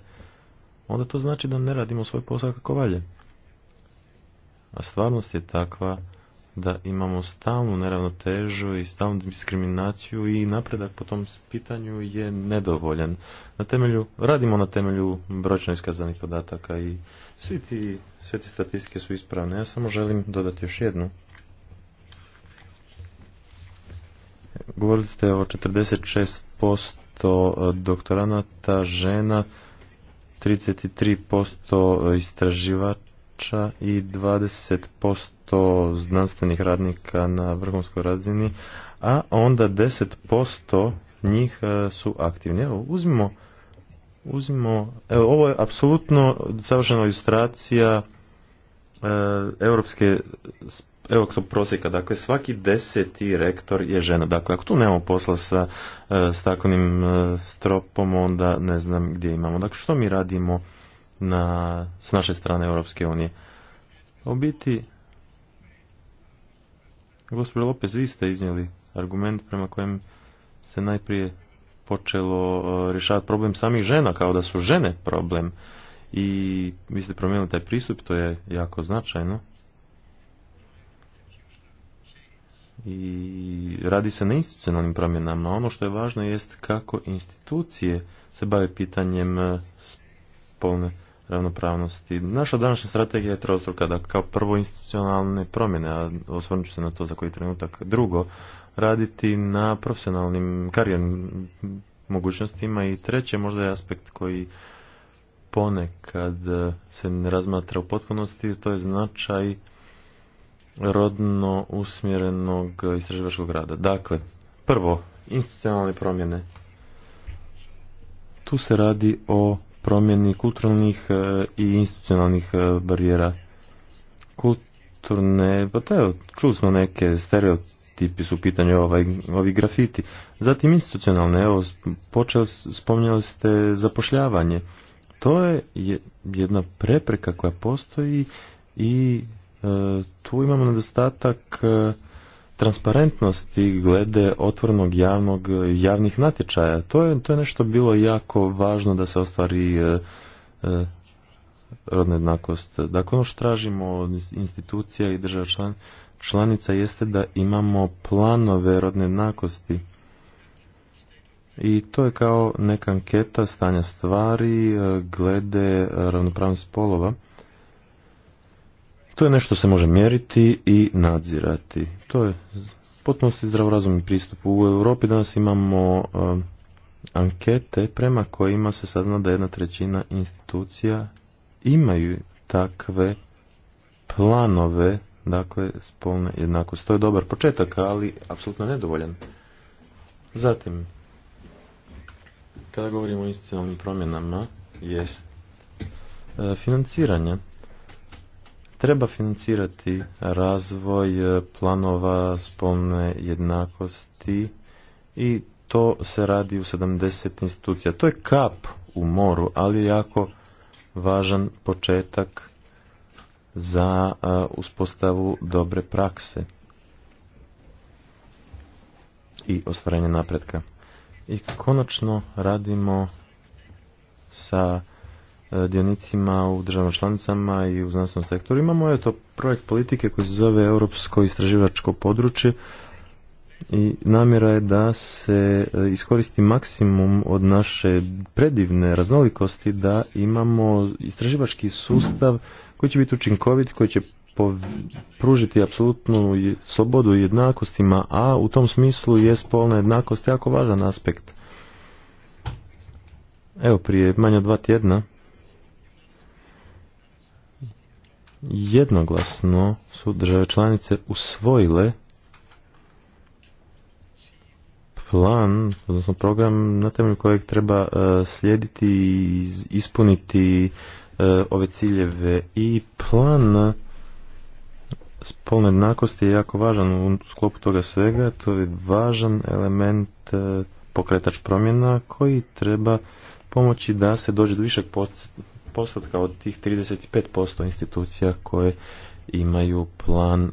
onda to znači da ne radimo svoj posao kako valje. A stvarnost je takva da imamo stalnu neravnotežu i stalnu diskriminaciju i napredak po tom pitanju je nedovoljan. Na temelju, radimo na temelju bročno iskazanih podataka i svi ti, sve ti statistike su ispravne. Ja samo želim dodati još jednu. Govorili ste o 46% doktoranata žena 33% istraživača i 20% znanstvenih radnika na vrhunskoj razini, a onda 10% njih e, su aktivni. Evo, uzmimo, uzmimo, evo, ovo je apsolutno savršena ilustracija e, europske evo to prosjeka, dakle svaki deseti rektor je žena. Dakle, ako tu nemamo posla sa e, staklenim e, stropom, onda ne znam gdje imamo. Dakle, što mi radimo na, s naše strane Europske unije? U biti, gospodin Lopez, vi ste iznijeli argument prema kojem se najprije počelo e, rješavati problem samih žena, kao da su žene problem. I vi ste promijenili taj pristup, to je jako značajno. i radi se na institucionalnim promjenama. Ono što je važno jest kako institucije se bave pitanjem e, spolne ravnopravnosti. Naša današnja strategija je trostruka, da kao prvo institucionalne promjene, a osvrnut ću se na to za koji trenutak. Drugo, raditi na profesionalnim karijernim mogućnostima i treće možda je aspekt koji ponekad e, se ne razmatra u potpunosti, to je značaj rodno usmjerenog istraživačkog rada. Dakle, prvo, institucionalne promjene. Tu se radi o promjeni kulturnih e, i institucionalnih e, barijera. Kulturne, pa to čuli smo neke stereotipi su u pitanju ovaj, ovi grafiti. Zatim institucionalne, evo, počeli, spominjali ste zapošljavanje. To je jedna prepreka koja postoji i E, tu imamo nedostatak e, transparentnosti glede otvornog javnog, e, javnih natječaja. To je, to je nešto bilo jako važno da se ostvari rodna jednakost. Dakle, ono što tražimo od institucija i država članica jeste da imamo planove rodne jednakosti. I to je kao neka anketa stanja stvari glede ravnopravnosti spolova to je nešto se može mjeriti i nadzirati. To je potpunosti zdravorazumni pristup. U Europi danas imamo um, ankete prema kojima se sazna da jedna trećina institucija imaju takve planove, dakle spolne jednakosti. To je dobar početak, ali apsolutno nedovoljan. Zatim, kada govorimo o institucionalnim promjenama, jest financiranja. E, financiranje. Treba financirati razvoj e, planova spolne jednakosti i to se radi u 70 institucija. To je kap u moru, ali jako važan početak za e, uspostavu dobre prakse i ostvaranje napretka. I konačno radimo sa E, dionicima u državnom članicama i u znanstvenom sektoru. Imamo je to projekt politike koji se zove Europsko istraživačko područje i namjera je da se e, iskoristi maksimum od naše predivne raznolikosti da imamo istraživački sustav koji će biti učinkovit, koji će pružiti apsolutnu slobodu i jednakostima, a u tom smislu je spolna jednakost jako važan aspekt. Evo prije manje od dva tjedna jednoglasno su države članice usvojile plan, odnosno program na temelju kojeg treba e, slijediti i ispuniti e, ove ciljeve i plan spolne jednakosti je jako važan u sklopu toga svega, to je važan element e, pokretač promjena koji treba pomoći da se dođe do višeg postotka od tih 35% institucija koje imaju plan e,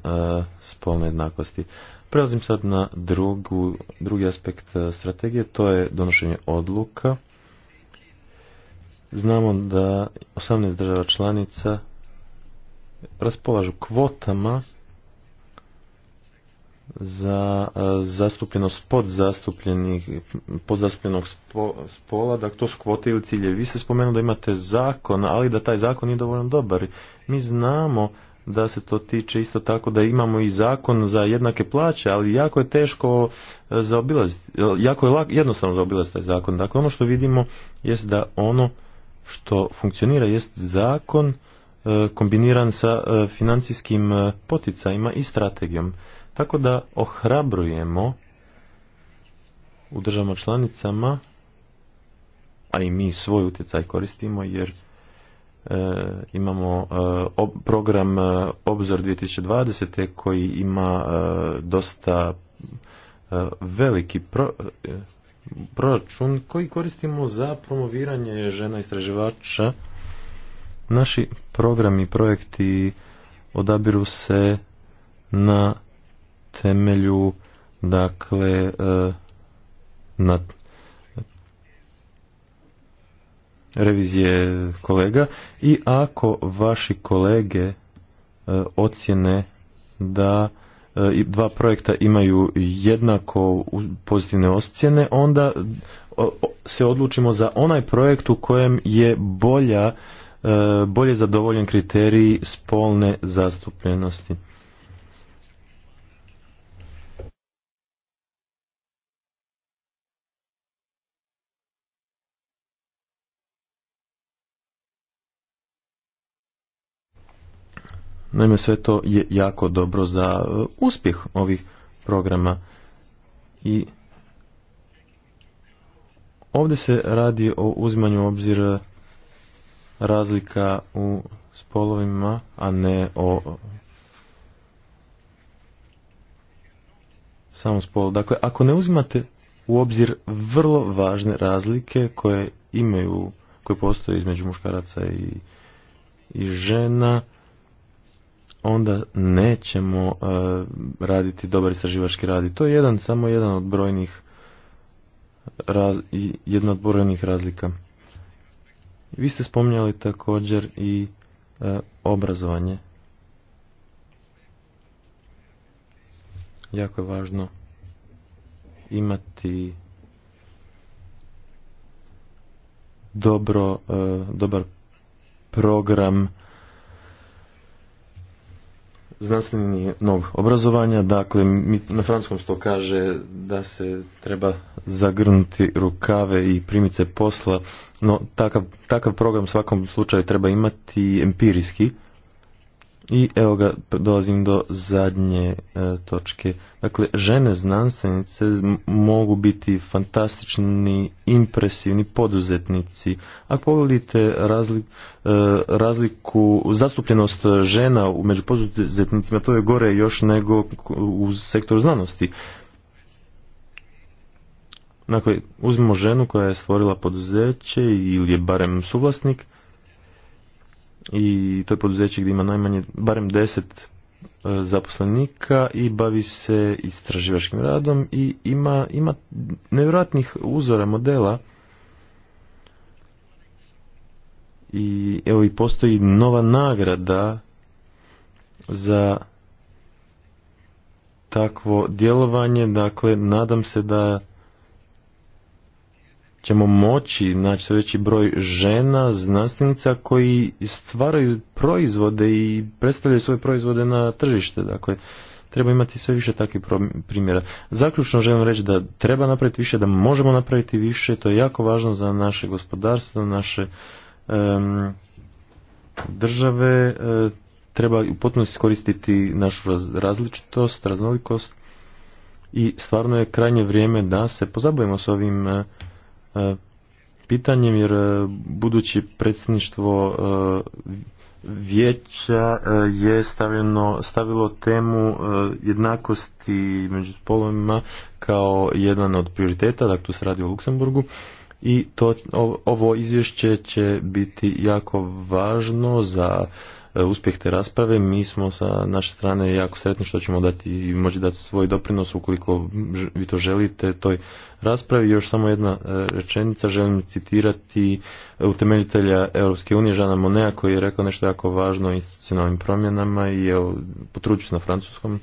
spolne jednakosti. Prelazim sad na drugu, drugi aspekt e, strategije, to je donošenje odluka. Znamo da 18 država članica raspolažu kvotama za e, zastupljenost podzastupljenog spola, da to su kvote ili ciljevi. Vi ste spomenuli da imate zakon, ali da taj zakon nije dovoljno dobar. Mi znamo da se to tiče isto tako da imamo i zakon za jednake plaće, ali jako je teško e, zaobilaziti, e, jako je lak, jednostavno zaobilaziti taj zakon. Dakle, ono što vidimo jest da ono što funkcionira jest zakon kombiniran sa financijskim poticajima i strategijom. Tako da ohrabrujemo u državama članicama, a i mi svoj utjecaj koristimo jer e, imamo e, ob, program e, Obzor 2020. koji ima e, dosta e, veliki proračun koji koristimo za promoviranje žena istraživača. Naši programi i projekti odabiru se na temelju dakle e, revizije kolega i ako vaši kolege e, ocjene da e, dva projekta imaju jednako pozitivne ocjene onda se odlučimo za onaj projekt u kojem je bolja bolje zadovoljen kriterij spolne zastupljenosti Naime, sve to je jako dobro za uh, uspjeh ovih programa i ovdje se radi o uzmanju obzira razlika u spolovima, a ne o samom spolu. Dakle, ako ne uzimate u obzir vrlo važne razlike koje imaju, koje postoje između muškaraca i, i žena, onda nećemo e, raditi dobar istraživački rad. I to je jedan, samo jedan od brojnih raz, od brojnih razlika. Vi ste spominjali također i e, obrazovanje. Jako je važno imati dobro, e, dobar program znanstvenog obrazovanja. Dakle, mi, na francuskom sto kaže da se treba zagrnuti rukave i primice posla, no takav, takav program svakom slučaju treba imati empirijski, i evo ga, dolazim do zadnje e, točke. Dakle, žene znanstvenice mogu biti fantastični, impresivni poduzetnici. Ako pogledite e, razliku, zastupljenost žena među poduzetnicima, to je gore još nego u sektoru znanosti. Dakle, uzmimo ženu koja je stvorila poduzeće ili je barem suvlasnik, i to je poduzeće gdje ima najmanje barem deset e, zaposlenika i bavi se istraživačkim radom i ima, ima nevjerojatnih uzora modela i evo i postoji nova nagrada za takvo djelovanje dakle nadam se da ćemo moći naći sve veći broj žena, znanstvenica koji stvaraju proizvode i predstavljaju svoje proizvode na tržište. Dakle, treba imati sve više takvih primjera. Zaključno želim reći da treba napraviti više, da možemo napraviti više, to je jako važno za naše gospodarstvo, naše um, države, e, treba u potpunosti koristiti našu različitost, raznolikost i stvarno je krajnje vrijeme da se pozabavimo s ovim e, pitanjem jer e, budući predsjedništvo e, vijeća e, je stavljeno, stavilo temu jednakosti među spolovima kao jedan od prioriteta, dakle tu se radi o Luksemburgu i to, ovo izvješće će biti jako važno za E, uspjeh te rasprave. Mi smo sa naše strane jako sretni što ćemo dati i možda dati svoj doprinos ukoliko vi to želite toj raspravi. Još samo jedna e, rečenica, želim citirati e, utemeljitelja Europske unije, Žana Monea, koji je rekao nešto jako važno o institucionalnim promjenama i evo, se na francuskom.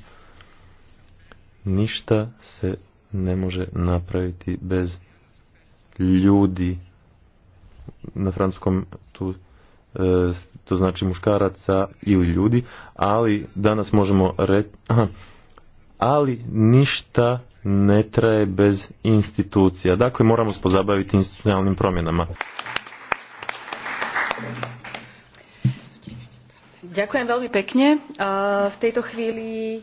Ništa se ne može napraviti bez ljudi na francuskom tu E, to znači muškaraca ili ljudi, ali danas možemo reći, ali ništa ne traje bez institucija. Dakle, moramo se pozabaviti institucionalnim promjenama. Ďakujem veľmi pekne. E, v tejto chvíli e,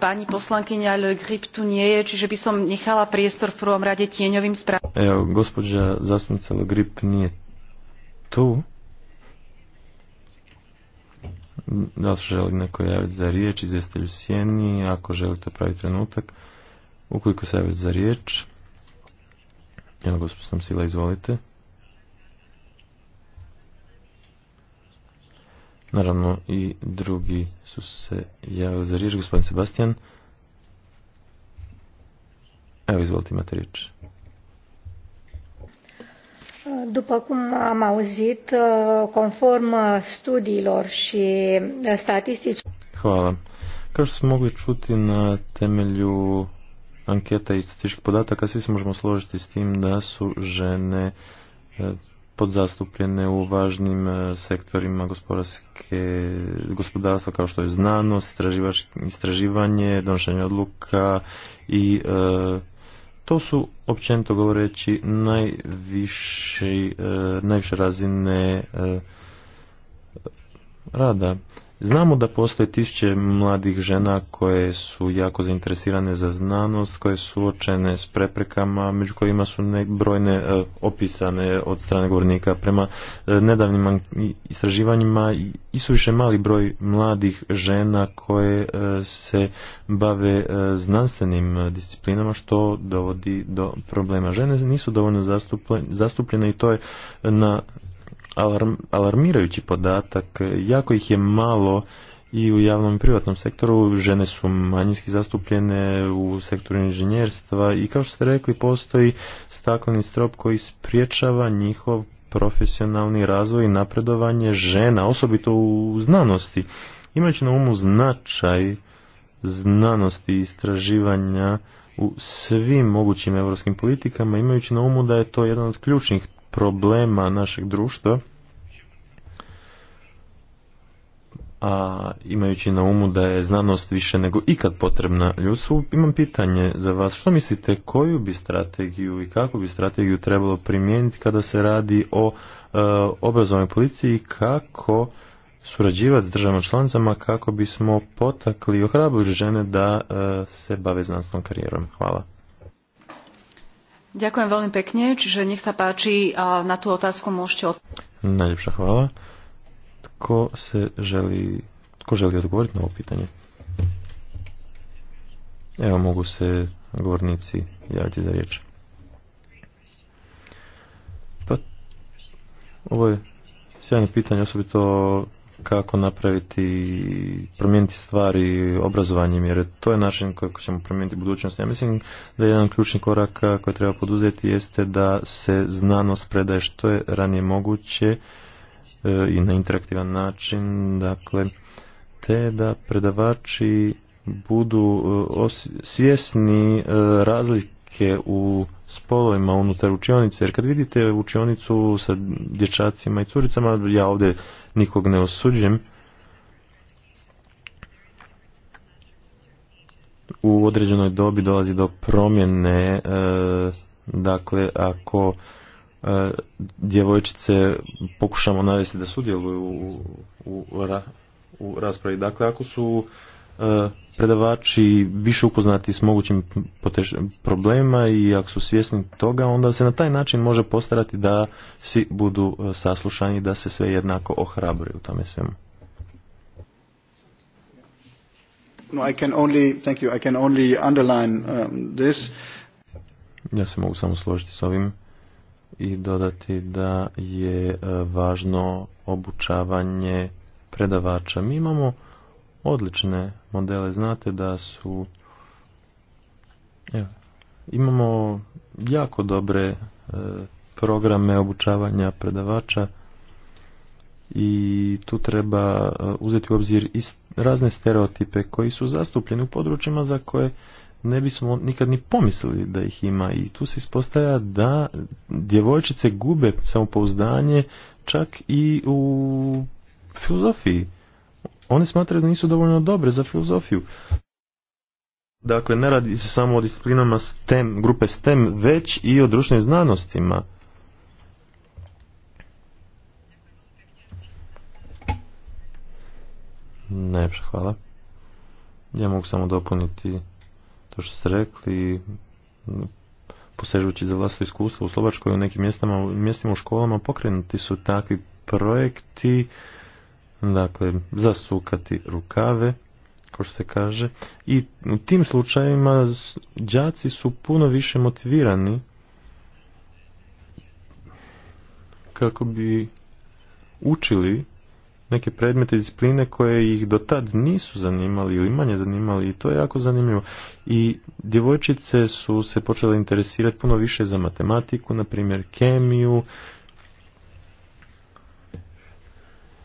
pani poslankyňa Le Grip tu nie je, čiže by som nechala priestor v prvom rade tieňovým správom. Evo, gospođa zastupnica Le Grip nije tu. Da li želi neko javiti za riječ, izvjestelju sjeni, ako želite pravi trenutak, ukoliko se javiti za riječ, evo gospod sam sila, izvolite. Naravno i drugi su se javili za riječ, gospodin Sebastian. Evo izvolite imate riječ după cum am auzit, uh, conform uh, studiilor și uh, statistici... Hvala. Kao što smo mogli čuti na temelju anketa i statističkih podataka, svi se možemo složiti s tim da su žene podzastupljene u važnim sektorima gospodarske, gospodarstva kao što je znanost, istraživanje, donošenje odluka i to su, općenito govoreći, najviše, najviše razine e, rada. Znamo da postoje tisuće mladih žena koje su jako zainteresirane za znanost, koje su suočene s preprekama, među kojima su brojne e, opisane od strane govornika. Prema e, nedavnim istraživanjima i više mali broj mladih žena koje e, se bave znanstvenim disciplinama, što dovodi do problema. Žene nisu dovoljno zastupljene i to je na alarmirajući podatak, jako ih je malo i u javnom i privatnom sektoru žene su manjinski zastupljene u sektoru inženjerstva i kao što ste rekli postoji stakleni strop koji spriječava njihov profesionalni razvoj i napredovanje žena, osobito u znanosti. Imajući na umu značaj znanosti i istraživanja u svim mogućim europskim politikama, imajući na umu da je to jedan od ključnih problema našeg društva, a imajući na umu da je znanost više nego ikad potrebna ljudstvu, imam pitanje za vas. Što mislite koju bi strategiju i kako bi strategiju trebalo primijeniti kada se radi o e, obrazovnoj policiji kako surađivati s državama članicama kako bismo potakli i žene da e, se bave znanstvenom karijerom? Hvala. Ďakujem veľmi pekne, čiže nech sa páči, na tú otázku môžete odpovedať. Najljepša hvala. Tko želi, tko odgovoriti na ovo pitanje? Evo mogu se govornici javiti za riječ. Pa, ovo je sjajno pitanje, osobito kako napraviti, promijeniti stvari obrazovanjem, jer to je način kako ćemo promijeniti budućnost. Ja mislim da je jedan ključni korak koji treba poduzeti jeste da se znanost predaje što je ranije moguće e, i na interaktivan način, dakle, te da predavači budu e, svjesni e, razlike u spolovima unutar učionice, jer kad vidite učionicu sa dječacima i curicama, ja ovdje nikog ne osuđujem, u određenoj dobi dolazi do promjene, e, dakle ako e, djevojčice pokušamo navesti da sudjeluju u, u, u raspravi. Dakle, ako su E, predavači više upoznati s mogućim problemima i ako su svjesni toga, onda se na taj način može postarati da svi budu e, saslušani, i da se sve jednako ohrabruju. u tome svemu. No, I can only, thank you, I can only underline um, this. Ja se mogu samo složiti s ovim i dodati da je e, važno obučavanje predavača. Mi imamo odlične modele. Znate da su... Evo, imamo jako dobre e, programe obučavanja predavača i tu treba e, uzeti u obzir razne stereotipe koji su zastupljeni u područjima za koje ne bismo nikad ni pomislili da ih ima i tu se ispostavlja da djevojčice gube samopouzdanje čak i u filozofiji oni smatraju da nisu dovoljno dobre za filozofiju. Dakle, ne radi se samo o disciplinama STEM, grupe STEM, već i o društvenim znanostima. hvala. Ja mogu samo dopuniti to što ste rekli, posežući za vlastno iskustvo u Slovačkoj, u nekim mjestima u školama pokrenuti su takvi projekti dakle, zasukati rukave, kao što se kaže, i u tim slučajevima đaci su puno više motivirani kako bi učili neke predmete discipline koje ih do tad nisu zanimali ili manje zanimali i to je jako zanimljivo. I djevojčice su se počele interesirati puno više za matematiku, na primjer kemiju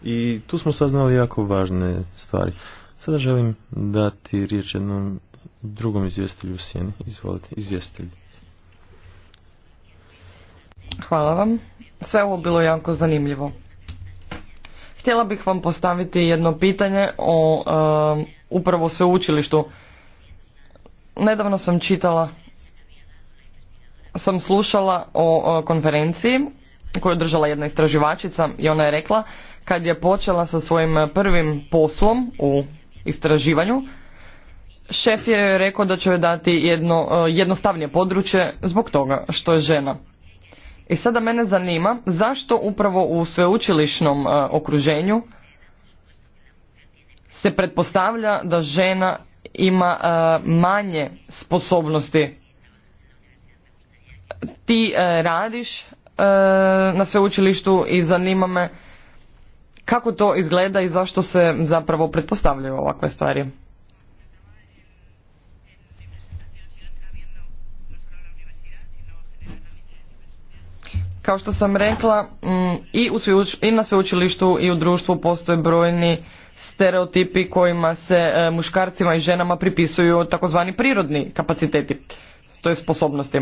i tu smo saznali jako važne stvari. Sada želim dati riječ jednom drugom izvjestelju u Sjeni. Izvolite, izvjestelj. Hvala vam. Sve ovo bilo jako zanimljivo. Htjela bih vam postaviti jedno pitanje o e, upravo sveučilištu. Nedavno sam čitala, sam slušala o, o konferenciji koju je držala jedna istraživačica i ona je rekla kad je počela sa svojim prvim poslom u istraživanju, šef je rekao da će joj dati jedno e, jednostavnije područje zbog toga što je žena. I sada mene zanima zašto upravo u sveučilišnom e, okruženju se pretpostavlja da žena ima e, manje sposobnosti. Ti radiš na sveučilištu i zanima me kako to izgleda i zašto se zapravo pretpostavljaju ovakve stvari. Kao što sam rekla, mm, i, u i na sveučilištu i u društvu postoje brojni stereotipi kojima se e, muškarcima i ženama pripisuju takozvani prirodni kapaciteti, to je sposobnosti.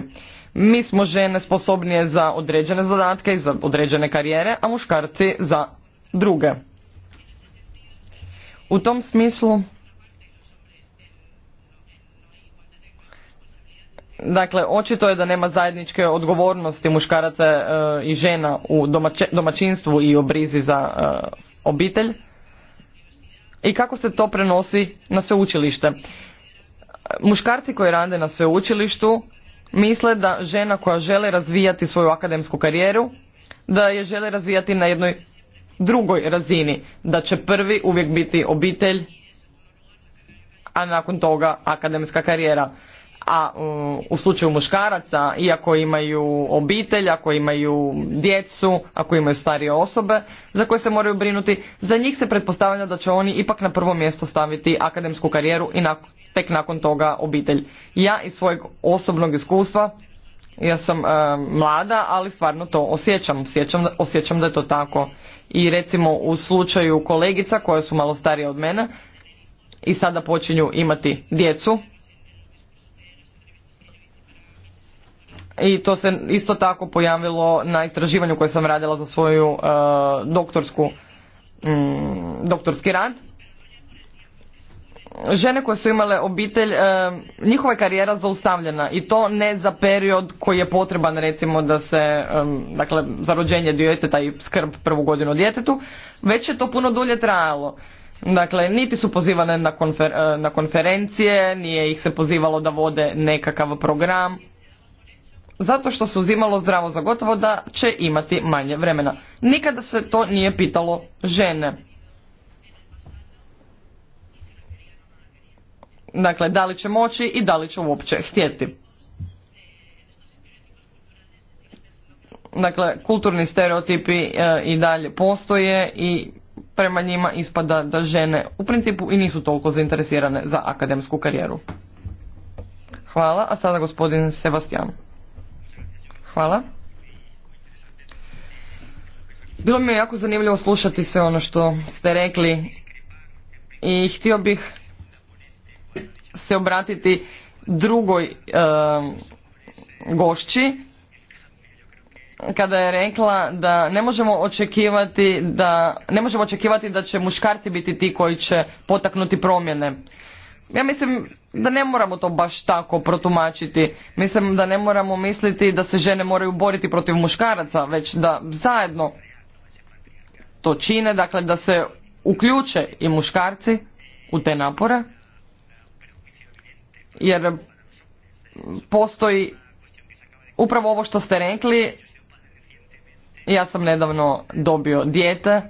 Mi smo žene sposobnije za određene zadatke i za određene karijere, a muškarci za druge. U tom smislu Dakle, očito je da nema zajedničke odgovornosti muškaraca e, i žena u domaćinstvu i obrizi za e, obitelj. I kako se to prenosi na sveučilište? Muškarci koji rade na sveučilištu misle da žena koja žele razvijati svoju akademsku karijeru, da je žele razvijati na jednoj drugoj razini, da će prvi uvijek biti obitelj, a nakon toga akademska karijera. A mm, u slučaju muškaraca, iako imaju obitelj, ako imaju djecu, ako imaju starije osobe za koje se moraju brinuti, za njih se pretpostavlja da će oni ipak na prvo mjesto staviti akademsku karijeru i tek nakon toga obitelj. Ja iz svojeg osobnog iskustva, ja sam e, mlada, ali stvarno to osjećam, osjećam da je to tako i recimo u slučaju kolegica koje su malo starije od mene i sada počinju imati djecu i to se isto tako pojavilo na istraživanju koje sam radila za svoju e, doktorsku, mm, doktorski rad žene koje su imale obitelj, e, njihova je karijera zaustavljena i to ne za period koji je potreban recimo da se, e, dakle, za rođenje djeteta i skrb prvu godinu djetetu, već je to puno dulje trajalo. Dakle, niti su pozivane na, konfer, e, na konferencije, nije ih se pozivalo da vode nekakav program, zato što se uzimalo zdravo za gotovo da će imati manje vremena. Nikada se to nije pitalo žene. Dakle, da li će moći i da li će uopće htjeti. Dakle, kulturni stereotipi e, i dalje postoje i prema njima ispada da žene u principu i nisu toliko zainteresirane za akademsku karijeru. Hvala, a sada gospodin Sebastian. Hvala. Bilo mi je jako zanimljivo slušati sve ono što ste rekli i htio bih se obratiti drugoj e, gošći kada je rekla da ne možemo očekivati da ne možemo očekivati da će muškarci biti ti koji će potaknuti promjene. Ja mislim da ne moramo to baš tako protumačiti. Mislim da ne moramo misliti da se žene moraju boriti protiv muškaraca, već da zajedno to čine, dakle da se uključe i muškarci u te napore jer postoji upravo ovo što ste rekli. Ja sam nedavno dobio dijete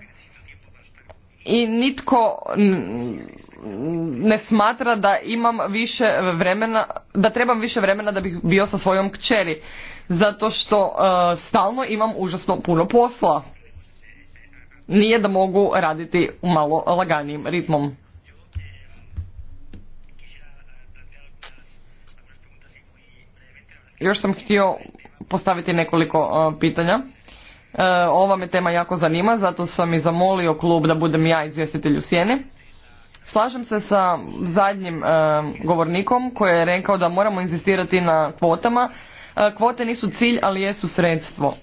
i nitko ne smatra da imam više vremena, da trebam više vremena da bih bio sa svojom kćeri. Zato što e, stalno imam užasno puno posla. Nije da mogu raditi u malo laganijim ritmom. Još sam htio postaviti nekoliko e, pitanja. E, ova me tema jako zanima, zato sam i zamolio klub da budem ja izvjestitelj u sjeni. Slažem se sa zadnjim e, govornikom koji je rekao da moramo inzistirati na kvotama. Kvote nisu cilj, ali jesu sredstvo.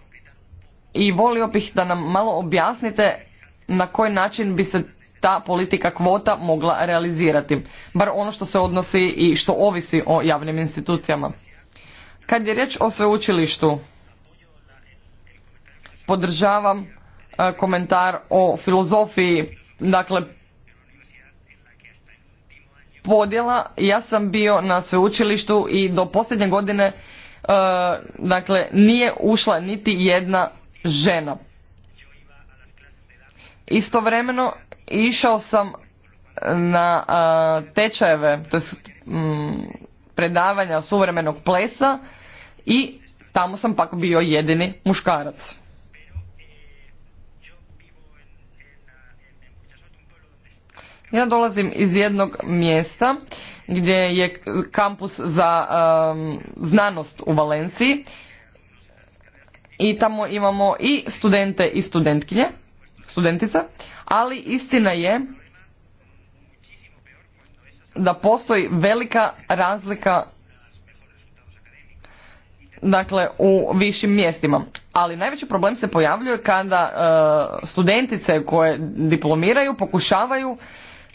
I volio bih da nam malo objasnite na koji način bi se ta politika kvota mogla realizirati. Bar ono što se odnosi i što ovisi o javnim institucijama. Kad je riječ o sveučilištu, podržavam e, komentar o filozofiji, dakle podjela. Ja sam bio na sveučilištu i do posljednje godine e, dakle nije ušla niti jedna žena. Istovremeno išao sam na e, tečajeve, to predavanja suvremenog plesa i tamo sam pak bio jedini muškarac. Ja dolazim iz jednog mjesta gdje je kampus za um, znanost u Valenciji i tamo imamo i studente i studentkinje, studentice, ali istina je da postoji velika razlika dakle u višim mjestima. Ali najveći problem se pojavljuje kada e, studentice koje diplomiraju pokušavaju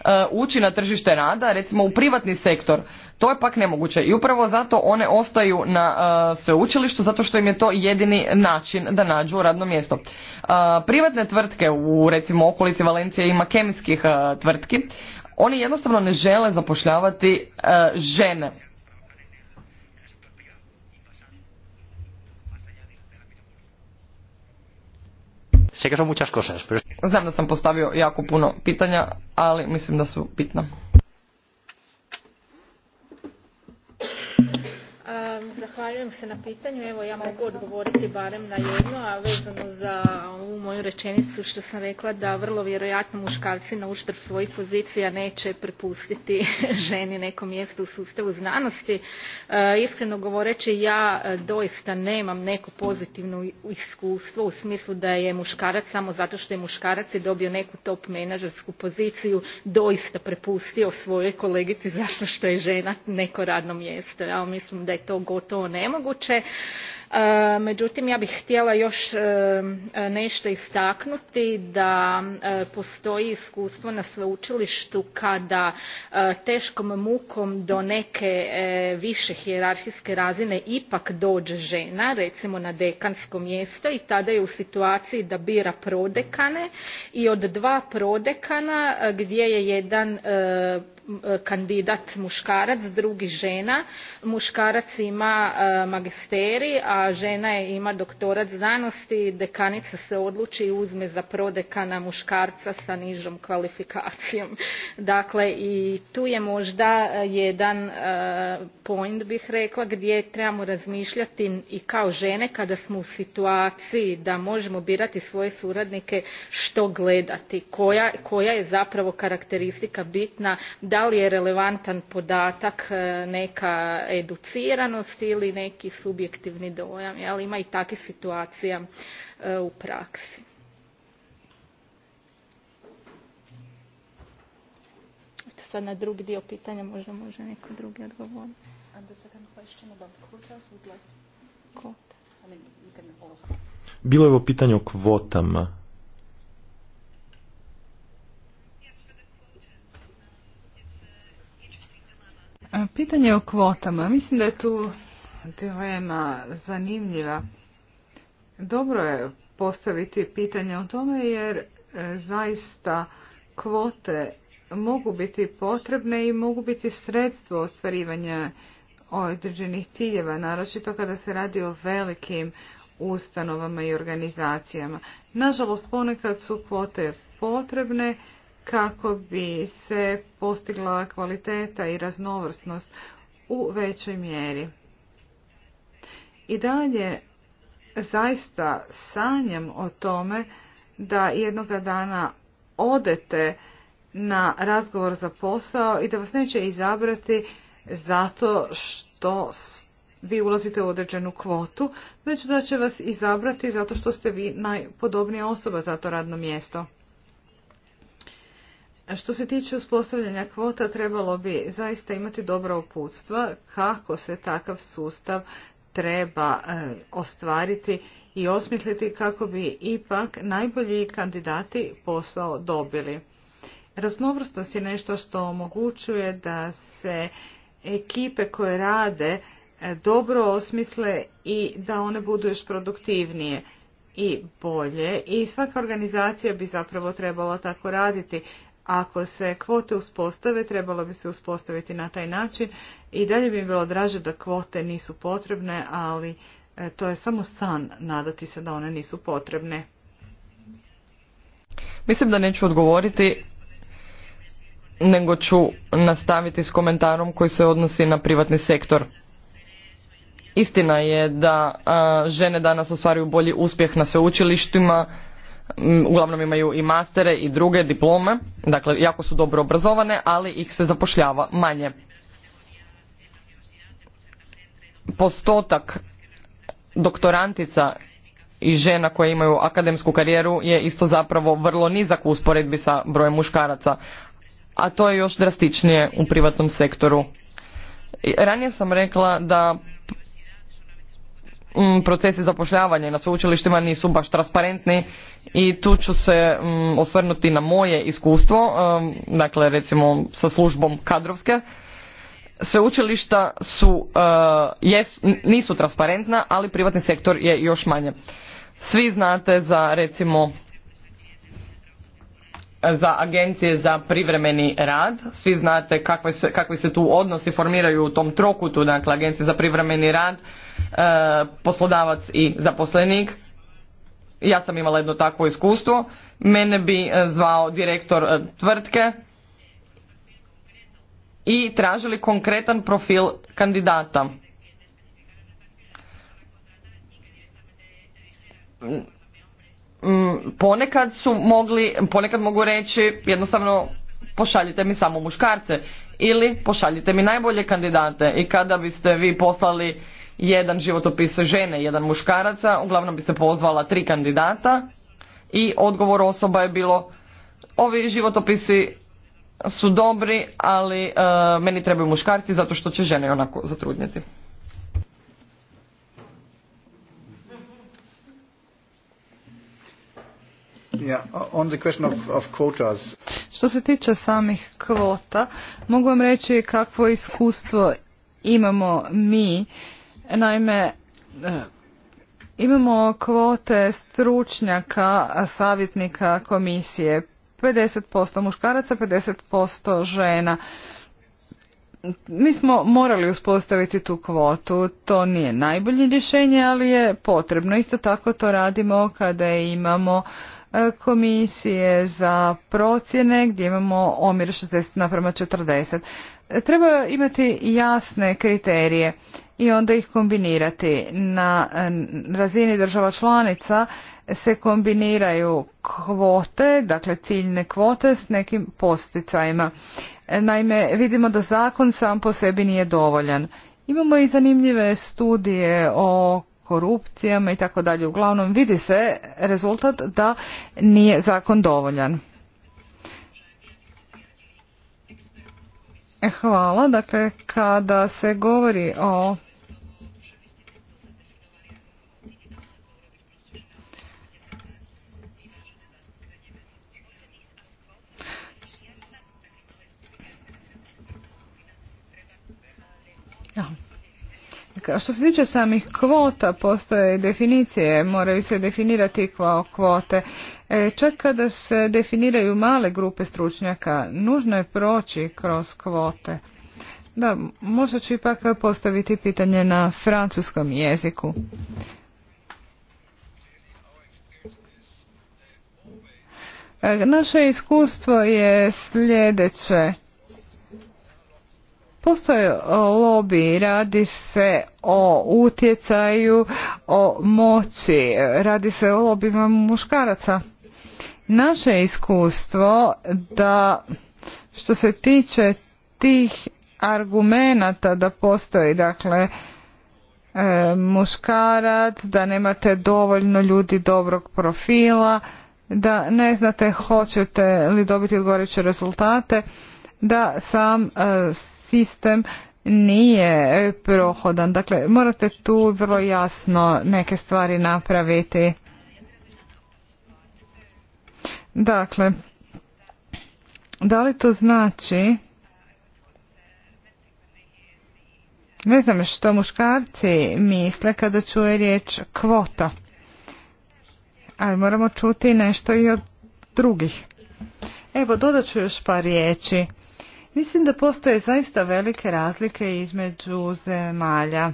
e, ući na tržište rada, recimo u privatni sektor. To je pak nemoguće i upravo zato one ostaju na e, sveučilištu zato što im je to jedini način da nađu radno mjesto. Privatne tvrtke u recimo okolici Valencije ima kemijskih tvrtki, oni jednostavno ne žele zapošljavati žene Sé que son pero... Znam da sam postavio jako puno pitanja, ali mislim da su bitna. Zahvaljujem se na pitanju. Evo ja mogu odgovoriti barem na jedno, a vezano za ovu moju rečenicu što sam rekla da vrlo vjerojatno muškarci na uštrb svojih pozicija neće prepustiti ženi neko mjesto u sustavu znanosti. E, iskreno govoreći ja e, doista nemam neko pozitivno iskustvo u smislu da je muškarac samo zato što je muškarac i dobio neku top menadžersku poziciju doista prepustio svoje kolegici zašto što je žena neko radno mjesto. Ja mislim da je to gotovo nemoguće. E, međutim ja bih htjela još e, e, nešto istaknuti da postoji iskustvo na sveučilištu kada teškom mukom do neke više hijerarhijske razine ipak dođe žena recimo na dekansko mjesto i tada je u situaciji da bira prodekane i od dva prodekana gdje je jedan kandidat muškarac drugi žena muškarac ima magisterij a žena ima doktorat znanosti dekanica se odluči i uzme za prodekana muškarca sa nižom kvalifikacijom. dakle i tu je možda e, jedan e, point bih rekla gdje trebamo razmišljati i kao žene kada smo u situaciji da možemo birati svoje suradnike što gledati koja, koja je zapravo karakteristika bitna da li je relevantan podatak e, neka educiranost ili neki subjektivni dojam dojam ali ima i takvih situacija e, u praksi sad na drugi dio pitanja možda može neko drugi odgovoriti. Bilo je ovo pitanje o kvotama. Um, pitanje o kvotama. Mislim da je tu dilema zanimljiva. Dobro je postaviti pitanje o tome jer e, zaista kvote mogu biti potrebne i mogu biti sredstvo ostvarivanja određenih ciljeva, naročito kada se radi o velikim ustanovama i organizacijama. Nažalost, ponekad su kvote potrebne kako bi se postigla kvaliteta i raznovrsnost u većoj mjeri. I dalje zaista sanjem o tome da jednoga dana odete na razgovor za posao i da vas neće izabrati zato što vi ulazite u određenu kvotu, već da će vas izabrati zato što ste vi najpodobnija osoba za to radno mjesto. Što se tiče uspostavljanja kvota, trebalo bi zaista imati dobra uputstva kako se takav sustav treba e, ostvariti i osmisliti kako bi ipak najbolji kandidati posao dobili. Raznovrstnost je nešto što omogućuje da se ekipe koje rade e, dobro osmisle i da one budu još produktivnije i bolje i svaka organizacija bi zapravo trebala tako raditi ako se kvote uspostave, trebalo bi se uspostaviti na taj način i dalje bi mi bilo draže da kvote nisu potrebne, ali e, to je samo san nadati se da one nisu potrebne. Mislim da neću odgovoriti, nego ću nastaviti s komentarom koji se odnosi na privatni sektor. Istina je da žene danas ostvaruju bolji uspjeh na sveučilištima, Mm, uglavnom imaju i mastere i druge diplome, dakle jako su dobro obrazovane, ali ih se zapošljava manje. Postotak doktorantica i žena koje imaju akademsku karijeru je isto zapravo vrlo nizak u usporedbi sa brojem muškaraca, a to je još drastičnije u privatnom sektoru. Ranije sam rekla da Mm, procesi zapošljavanja na sveučilištima nisu baš transparentni i tu ću se mm, osvrnuti na moje iskustvo, mm, dakle recimo sa službom kadrovske. Sveučilišta su, eh, jes, nisu transparentna, ali privatni sektor je još manje. Svi znate za recimo za agencije za privremeni rad. Svi znate kakve se, kakvi se tu odnosi formiraju u tom trokutu, dakle agencije za privremeni rad, e, poslodavac i zaposlenik. Ja sam imala jedno takvo iskustvo. Mene bi e, zvao direktor e, tvrtke i tražili konkretan profil kandidata Mm, ponekad su mogli, ponekad mogu reći jednostavno pošaljite mi samo muškarce ili pošaljite mi najbolje kandidate i kada biste vi poslali jedan životopis žene, jedan muškaraca, uglavnom bi se pozvala tri kandidata i odgovor osoba je bilo ovi životopisi su dobri, ali e, meni trebaju muškarci zato što će žene onako zatrudnjeti. Što se tiče samih kvota, mogu vam reći kakvo iskustvo imamo mi. Naime, eh, imamo kvote stručnjaka, savjetnika komisije. 50% muškaraca, 50% žena. Mi smo morali uspostaviti tu kvotu, to nije najbolje rješenje, ali je potrebno. Isto tako to radimo kada imamo komisije za procjene gdje imamo omjer 60 naprema 40. Treba imati jasne kriterije i onda ih kombinirati. Na razini država članica se kombiniraju kvote, dakle ciljne kvote s nekim posticajima. Naime, vidimo da zakon sam po sebi nije dovoljan. Imamo i zanimljive studije o korupcijama i tako dalje. Uglavnom vidi se rezultat da nije zakon dovoljan. Hvala. Dakle, kada se govori o Što se tiče samih kvota, postoje definicije, moraju se definirati kao kvote. E, čak kada se definiraju male grupe stručnjaka, nužno je proći kroz kvote. Da, možda ću ipak postaviti pitanje na francuskom jeziku. E, naše iskustvo je sljedeće. Postoje e, lobi, radi se o utjecaju, o moći, radi se o lobima muškaraca. Naše iskustvo da što se tiče tih argumenata da postoji dakle e, muškarac, da nemate dovoljno ljudi dobrog profila, da ne znate hoćete li dobiti odgovarajuće rezultate, da sam e, sistem nije prohodan. Dakle, morate tu vrlo jasno neke stvari napraviti. Dakle, da li to znači ne znam što muškarci misle kada čuje riječ kvota. Ali moramo čuti nešto i od drugih. Evo, dodat ću još par riječi. Mislim da postoje zaista velike razlike između zemalja,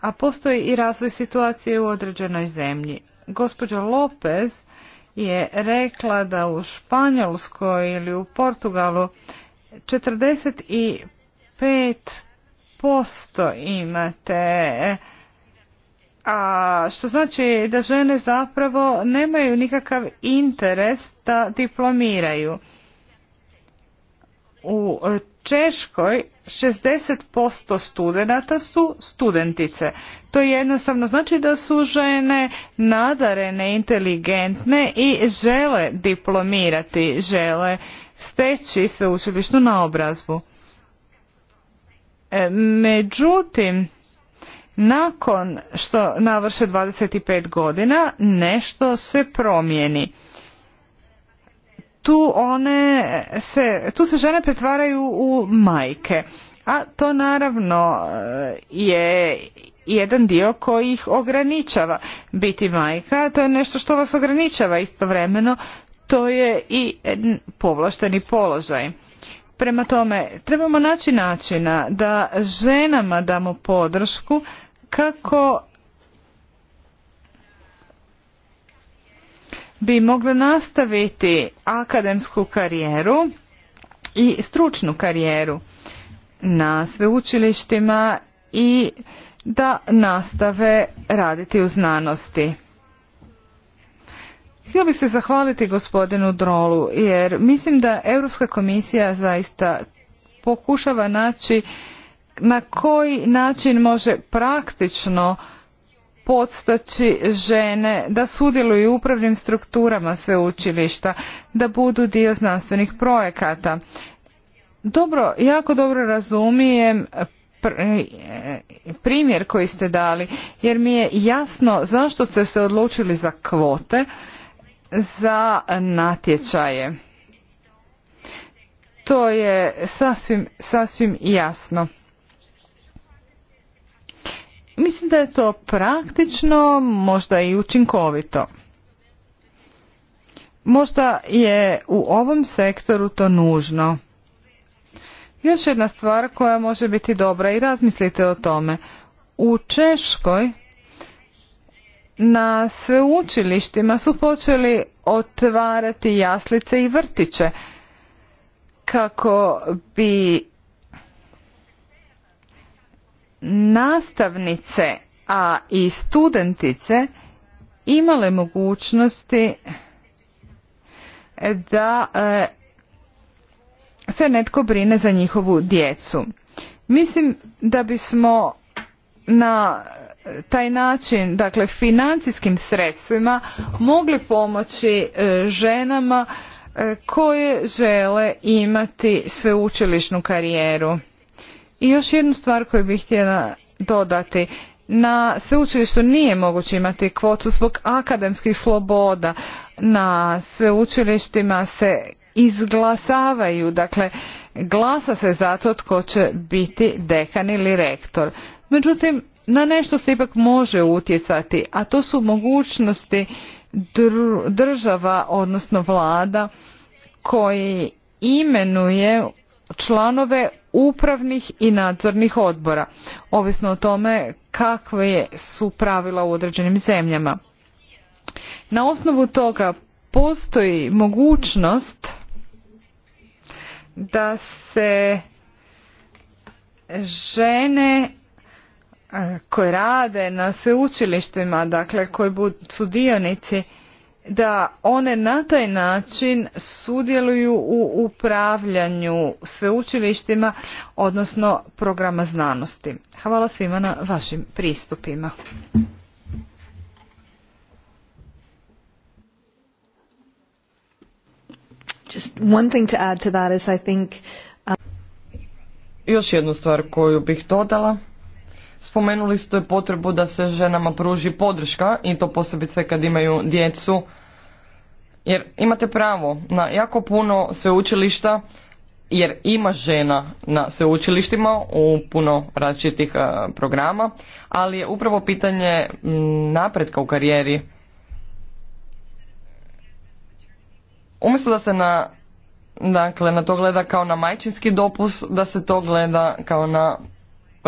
a postoji i razvoj situacije u određenoj zemlji. Gospođa Lopez je rekla da u Španjolskoj ili u Portugalu 45% imate a što znači da žene zapravo nemaju nikakav interes da diplomiraju. U e, Češkoj 60% studenata su studentice. To jednostavno znači da su žene nadarene, inteligentne i žele diplomirati, žele steći sveučilišnu naobrazbu. E, međutim, nakon što navrše 25 godina nešto se promijeni tu one se, tu se žene pretvaraju u majke. A to naravno e, je jedan dio koji ih ograničava. Biti majka to je nešto što vas ograničava istovremeno, to je i povlašteni položaj. Prema tome, trebamo naći načina da ženama damo podršku kako bi mogle nastaviti akademsku karijeru i stručnu karijeru na sveučilištima i da nastave raditi u znanosti. Htio bih se zahvaliti gospodinu Drolu jer mislim da Europska komisija zaista pokušava naći na koji način može praktično podstaći žene da sudjeluju u upravnim strukturama sveučilišta, da budu dio znanstvenih projekata. Dobro, jako dobro razumijem primjer koji ste dali, jer mi je jasno zašto ste se odlučili za kvote, za natječaje. To je sasvim, sasvim jasno. Mislim da je to praktično, možda i učinkovito. Možda je u ovom sektoru to nužno. Još jedna stvar koja može biti dobra i razmislite o tome. U Češkoj na sveučilištima su počeli otvarati jaslice i vrtiće kako bi nastavnice, a i studentice imale mogućnosti da e, se netko brine za njihovu djecu. Mislim da bismo na taj način, dakle financijskim sredstvima mogli pomoći e, ženama e, koje žele imati sveučilišnu karijeru. I još jednu stvar koju bih htjela dodati. Na sveučilištu nije moguće imati kvotu zbog akademskih sloboda. Na sveučilištima se izglasavaju, dakle glasa se za to tko će biti dekan ili rektor. Međutim, na nešto se ipak može utjecati, a to su mogućnosti država, odnosno vlada, koji imenuje članove upravnih i nadzornih odbora, ovisno o tome kakve su pravila u određenim zemljama. Na osnovu toga postoji mogućnost da se žene eh, koje rade na sveučilištima, dakle koji su dionici da one na taj način sudjeluju u upravljanju sveučilištima, odnosno programa znanosti. Hvala svima na vašim pristupima. Još jednu stvar koju bih dodala Spomenuli ste potrebu da se ženama pruži podrška i to posebice kad imaju djecu. Jer imate pravo na jako puno sveučilišta jer ima žena na sveučilištima u puno različitih e, programa, ali je upravo pitanje mm, napretka u karijeri. Umjesto da se na, dakle, na to gleda kao na majčinski dopus, da se to gleda kao na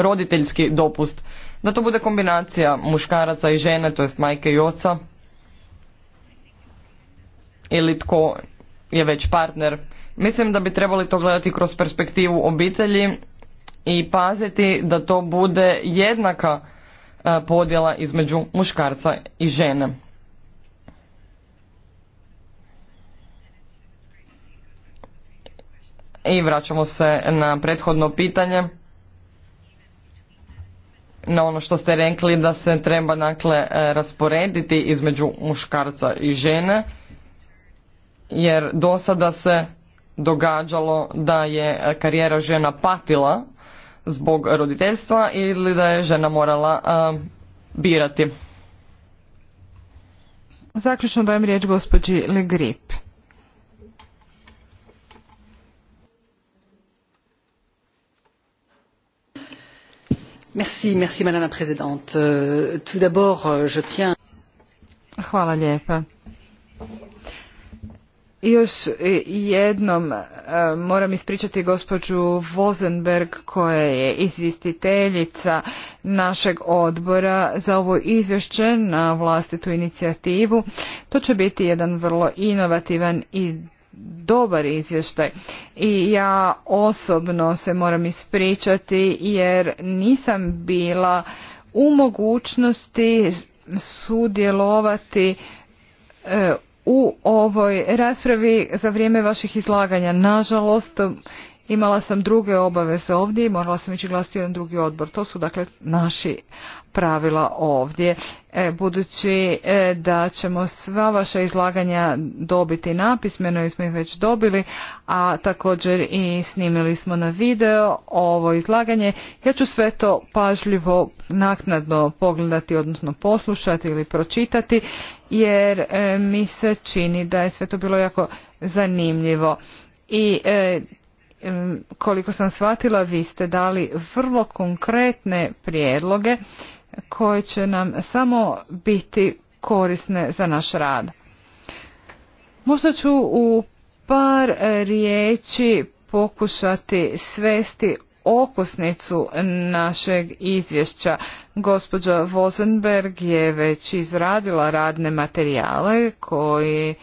roditeljski dopust, da to bude kombinacija muškaraca i žene, to jest majke i oca, ili tko je već partner. Mislim da bi trebali to gledati kroz perspektivu obitelji i paziti da to bude jednaka e, podjela između muškarca i žene. I vraćamo se na prethodno pitanje na ono što ste rekli da se treba dakle e, rasporediti između muškarca i žene jer do sada se događalo da je e, karijera žena patila zbog roditeljstva ili da je žena morala e, birati. Zaključno dajem riječ gospođi Legrip. Euh, euh, Hvala lijepa. Još e, jednom e, moram ispričati gospođu Vozenberg koja je izvjestiteljica našeg odbora za ovo izvješće na vlastitu inicijativu. To će biti jedan vrlo inovativan i dobar izvještaj. I ja osobno se moram ispričati jer nisam bila u mogućnosti sudjelovati e, u ovoj raspravi za vrijeme vaših izlaganja. Nažalost, Imala sam druge obaveze ovdje i morala sam ići glasiti jedan drugi odbor. To su dakle naši pravila ovdje. E, budući e, da ćemo sva vaša izlaganja dobiti napismeno i smo ih već dobili, a također i snimili smo na video ovo izlaganje. Ja ću sve to pažljivo naknadno pogledati, odnosno poslušati ili pročitati, jer e, mi se čini da je sve to bilo jako zanimljivo. I koliko sam shvatila vi ste dali vrlo konkretne prijedloge koje će nam samo biti korisne za naš rad. Možda ću u par riječi pokušati svesti okusnicu našeg izvješća. Gospođa Vozenberg je već izradila radne materijale koji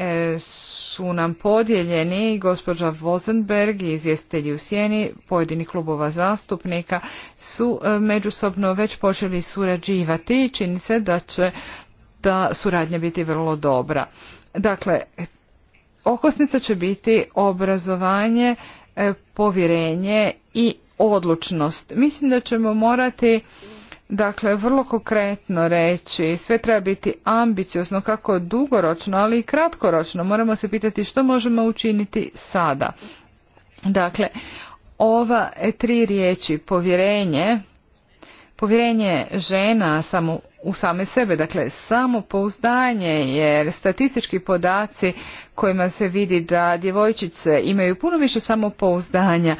E, su nam podijeljeni gospođa Vozenberg i izvjestitelji u sjeni pojedini klubova zastupnika su e, međusobno već počeli surađivati i čini se da će ta suradnja biti vrlo dobra. Dakle, okosnica će biti obrazovanje, e, povjerenje i odlučnost. Mislim da ćemo morati Dakle, vrlo konkretno reći, sve treba biti ambiciozno kako dugoročno, ali i kratkoročno. Moramo se pitati što možemo učiniti sada. Dakle, ova e, tri riječi, povjerenje, povjerenje žena samo u same sebe, dakle samopouzdanje jer statistički podaci kojima se vidi da djevojčice imaju puno više samopouzdanja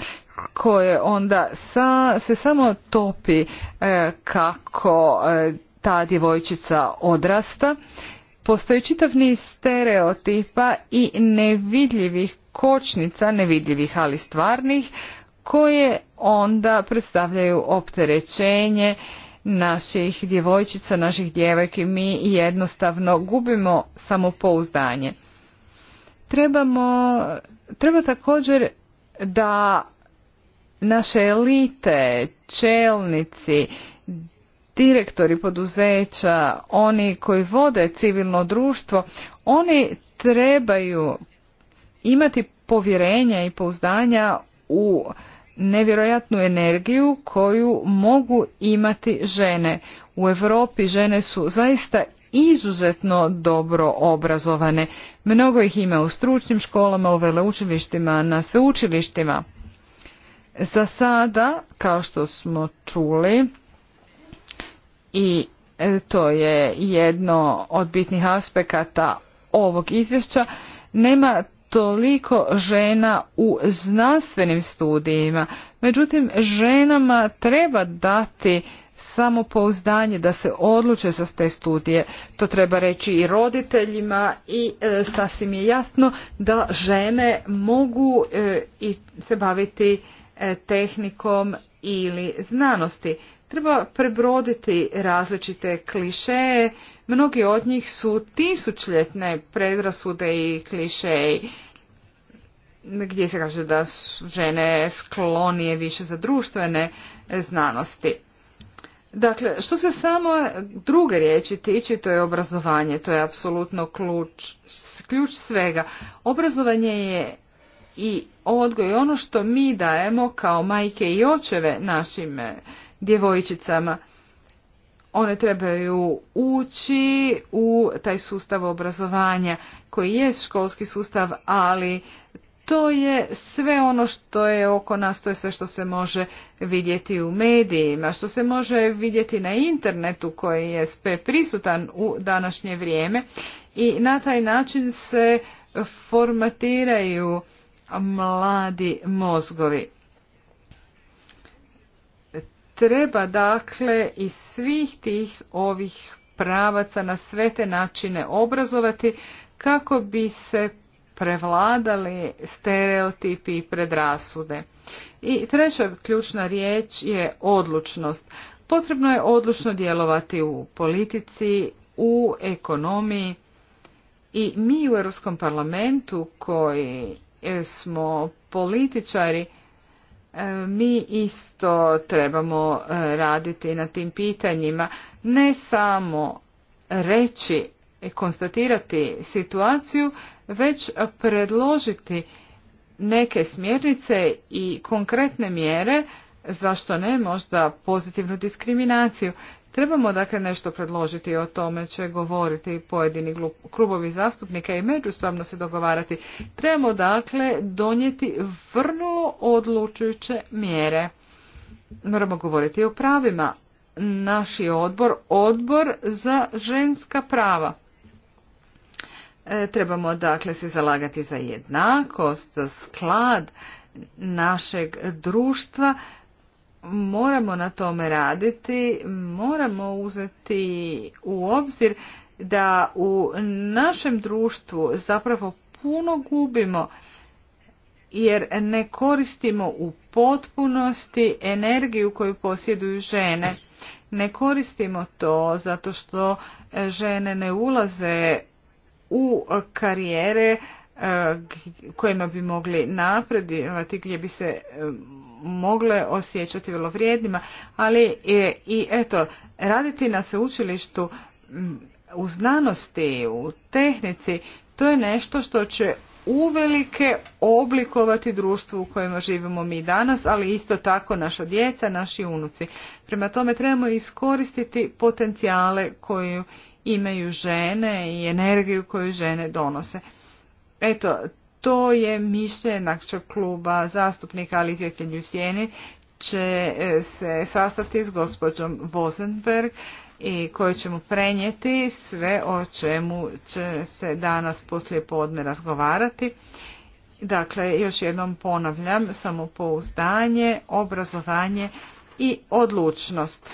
koje onda sa, se samo topi e, kako e, ta djevojčica odrasta. Postoji čitav niz stereotipa i nevidljivih kočnica, nevidljivih ali stvarnih, koje onda predstavljaju opterećenje naših djevojčica, naših djevojki. Mi jednostavno gubimo samopouzdanje. Trebamo, treba također da naše elite, čelnici, direktori poduzeća, oni koji vode civilno društvo, oni trebaju imati povjerenja i pouzdanja u nevjerojatnu energiju koju mogu imati žene. U Europi žene su zaista izuzetno dobro obrazovane. Mnogo ih ima u stručnim školama, u veleučilištima, na sveučilištima. Za sada, kao što smo čuli, i e, to je jedno od bitnih aspekata ovog izvješća, nema toliko žena u znanstvenim studijima. Međutim, ženama treba dati samopouzdanje da se odluče za te studije. To treba reći i roditeljima i e, sasvim je jasno da žene mogu e, i se baviti E, tehnikom ili znanosti. Treba prebroditi različite klišeje, mnogi od njih su tisućljetne predrasude i klišeji gdje se kaže da su žene sklonije više za društvene znanosti. Dakle, što se samo druge riječi tiče, to je obrazovanje, to je apsolutno ključ, ključ svega. Obrazovanje je i odgoj ono što mi dajemo kao majke i očeve našim eh, djevojčicama. One trebaju ući u taj sustav obrazovanja koji je školski sustav, ali to je sve ono što je oko nas, to je sve što se može vidjeti u medijima, što se može vidjeti na internetu koji je sve prisutan u današnje vrijeme i na taj način se formatiraju mladi mozgovi. Treba dakle iz svih tih ovih pravaca na sve te načine obrazovati kako bi se prevladali stereotipi i predrasude. I treća ključna riječ je odlučnost. Potrebno je odlučno djelovati u politici, u ekonomiji i mi u Europskom parlamentu koji E, smo političari, e, mi isto trebamo e, raditi na tim pitanjima, ne samo reći i konstatirati situaciju, već predložiti neke smjernice i konkretne mjere, zašto ne možda pozitivnu diskriminaciju, Trebamo dakle nešto predložiti, o tome će govoriti pojedini klubovi zastupnika i međusobno se dogovarati. Trebamo dakle donijeti vrlo odlučujuće mjere. Moramo govoriti o pravima. Naš je odbor, odbor za ženska prava. E, trebamo dakle se zalagati za jednakost, za sklad našeg društva moramo na tome raditi, moramo uzeti u obzir da u našem društvu zapravo puno gubimo jer ne koristimo u potpunosti energiju koju posjeduju žene. Ne koristimo to zato što žene ne ulaze u karijere kojima bi mogli napredovati, gdje bi se e, mogle osjećati vrlo vrijednima, ali i, eto, raditi na sveučilištu u znanosti, u tehnici, to je nešto što će uvelike oblikovati društvo u kojem živimo mi danas, ali isto tako naša djeca, naši unuci. Prema tome trebamo iskoristiti potencijale koju imaju žene i energiju koju žene donose. Eto, to je mišljenje našeg kluba zastupnika, ali izvjetljenju sjeni će e, se sastati s gospođom Vozenberg i koju ćemo prenijeti sve o čemu će se danas poslije podne razgovarati. Dakle, još jednom ponavljam, samopouzdanje, obrazovanje i odlučnost.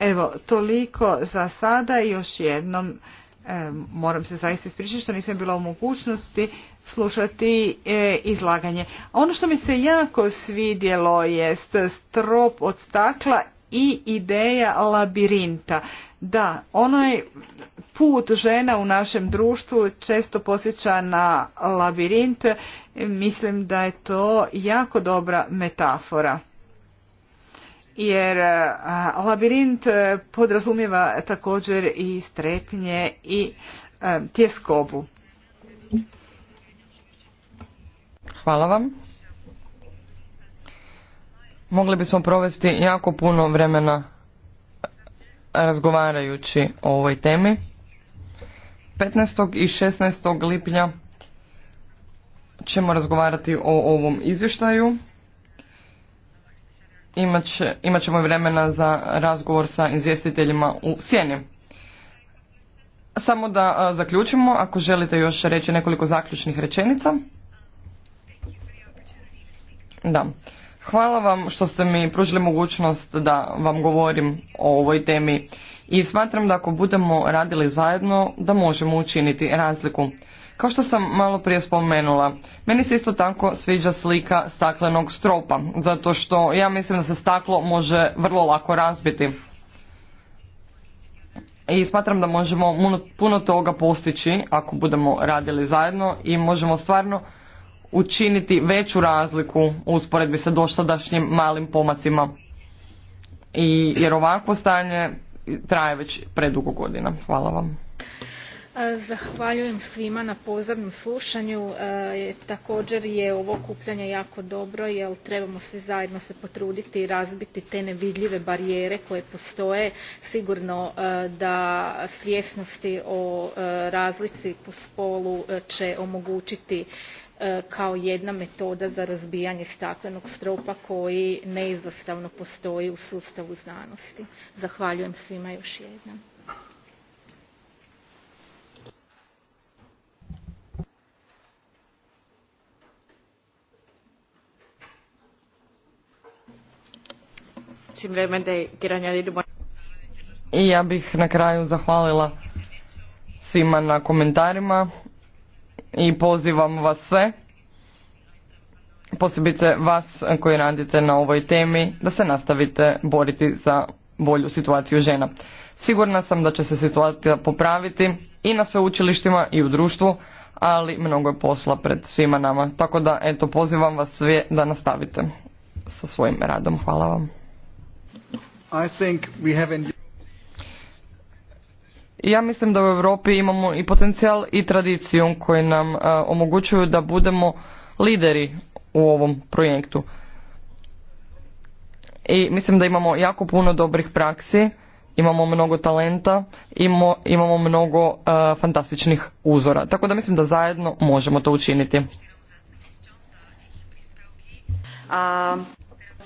Evo, toliko za sada još jednom E, moram se zaista ispričati što nisam bila u mogućnosti slušati e, izlaganje. Ono što mi se jako svidjelo jest strop od stakla i ideja labirinta. Da, je put žena u našem društvu često posjeća na labirint. Mislim da je to jako dobra metafora jer labirint e, podrazumijeva također i strepnje i e, tjeskobu. Hvala vam. Mogli bismo provesti jako puno vremena e, razgovarajući o ovoj temi. 15. i 16. lipnja ćemo razgovarati o ovom izvještaju imat, će, ćemo vremena za razgovor sa izvjestiteljima u sjeni. Samo da zaključimo, ako želite još reći nekoliko zaključnih rečenica. Da. Hvala vam što ste mi pružili mogućnost da vam govorim o ovoj temi i smatram da ako budemo radili zajedno da možemo učiniti razliku. Kao što sam malo prije spomenula, meni se isto tako sviđa slika staklenog stropa, zato što ja mislim da se staklo može vrlo lako razbiti. I smatram da možemo puno toga postići ako budemo radili zajedno i možemo stvarno učiniti veću razliku u usporedbi sa doštadašnjim malim pomacima. I, jer ovakvo stanje traje već predugo godina. Hvala vam. E, zahvaljujem svima na pozornom slušanju. E, također je ovo okupljanje jako dobro jer trebamo svi zajedno se potruditi i razbiti te nevidljive barijere koje postoje. Sigurno e, da svjesnosti o razlici po spolu će omogućiti kao jedna metoda za razbijanje staklenog stropa koji neizostavno postoji u sustavu znanosti. Zahvaljujem svima još jednom. I ja bih na kraju zahvalila svima na komentarima i pozivam vas sve, posebice vas koji radite na ovoj temi, da se nastavite boriti za bolju situaciju žena. Sigurna sam da će se situacija popraviti i na sveučilištima i u društvu, ali mnogo je posla pred svima nama. Tako da, eto, pozivam vas sve da nastavite sa svojim radom. Hvala vam. Ja mislim da u Europi imamo i potencijal i tradiciju koji nam e, omogućuju da budemo lideri u ovom projektu. I mislim da imamo jako puno dobrih praksi, imamo mnogo talenta, imamo, imamo mnogo e, fantastičnih uzora. Tako da mislim da zajedno možemo to učiniti.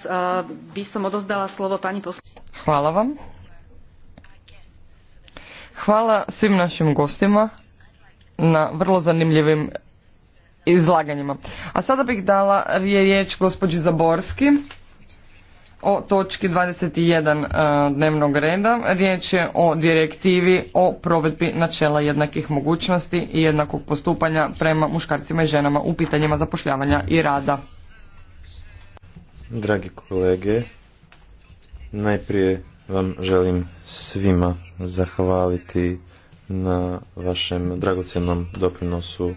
E, bi odozdala slovo pani Hvala vam. Hvala svim našim gostima na vrlo zanimljivim izlaganjima. A sada bih dala riječ gospođi Zaborski o točki 21 e, dnevnog reda. Riječ je o direktivi o provedbi načela jednakih mogućnosti i jednakog postupanja prema muškarcima i ženama u pitanjima zapošljavanja i rada. Dragi kolege, najprije vam želim svima zahvaliti na vašem dragocjenom doprinosu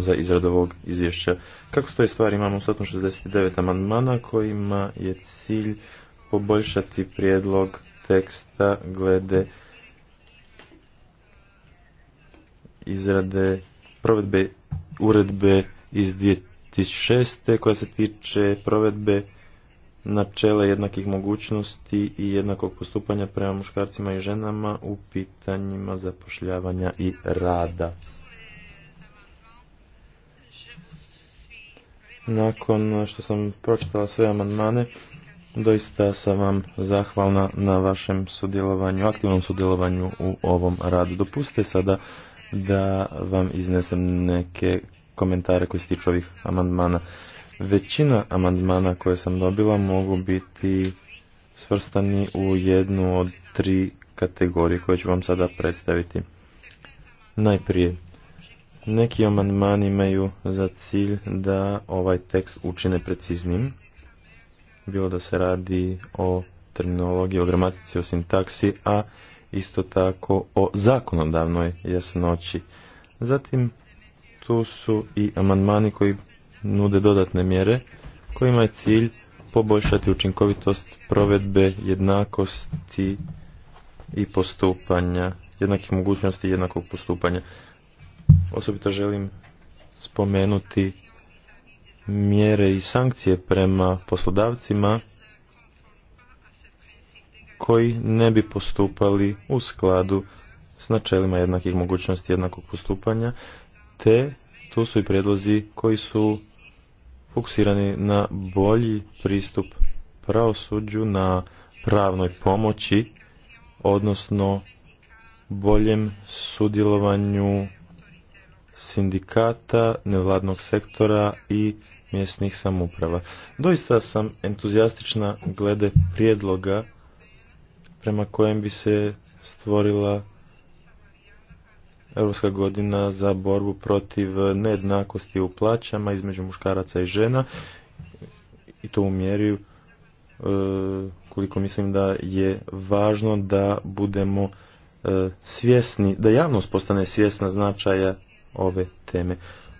za izradu ovog izvješća. Kako stoje stvari, imamo 169 amandmana kojima je cilj poboljšati prijedlog teksta glede izrade provedbe uredbe iz 2006. koja se tiče provedbe načela jednakih mogućnosti i jednakog postupanja prema muškarcima i ženama u pitanjima zapošljavanja i rada. Nakon što sam pročitala sve amandmane, doista sam vam zahvalna na vašem sudjelovanju, aktivnom sudjelovanju u ovom radu. Dopustite sada da vam iznesem neke komentare koji se tiču ovih amandmana većina amandmana koje sam dobila mogu biti svrstani u jednu od tri kategorije koje ću vam sada predstaviti. Najprije, neki amandmani imaju za cilj da ovaj tekst učine preciznim, bilo da se radi o terminologiji, o gramatici, o sintaksi, a isto tako o zakonodavnoj jasnoći. Zatim, tu su i amandmani koji nude dodatne mjere kojima je cilj poboljšati učinkovitost provedbe jednakosti i postupanja, jednakih mogućnosti i jednakog postupanja. Osobito želim spomenuti mjere i sankcije prema poslodavcima koji ne bi postupali u skladu s načelima jednakih mogućnosti jednakog postupanja, te tu su i predlozi koji su fokusirani na bolji pristup pravosuđu, na pravnoj pomoći, odnosno boljem sudjelovanju sindikata, nevladnog sektora i mjesnih samuprava. Doista sam entuzijastična glede prijedloga prema kojem bi se stvorila Europska godina za borbu protiv nejednakosti u plaćama između muškaraca i žena i to u mjeri e, koliko mislim da je važno da budemo e, svjesni, da javnost postane svjesna značaja ove teme.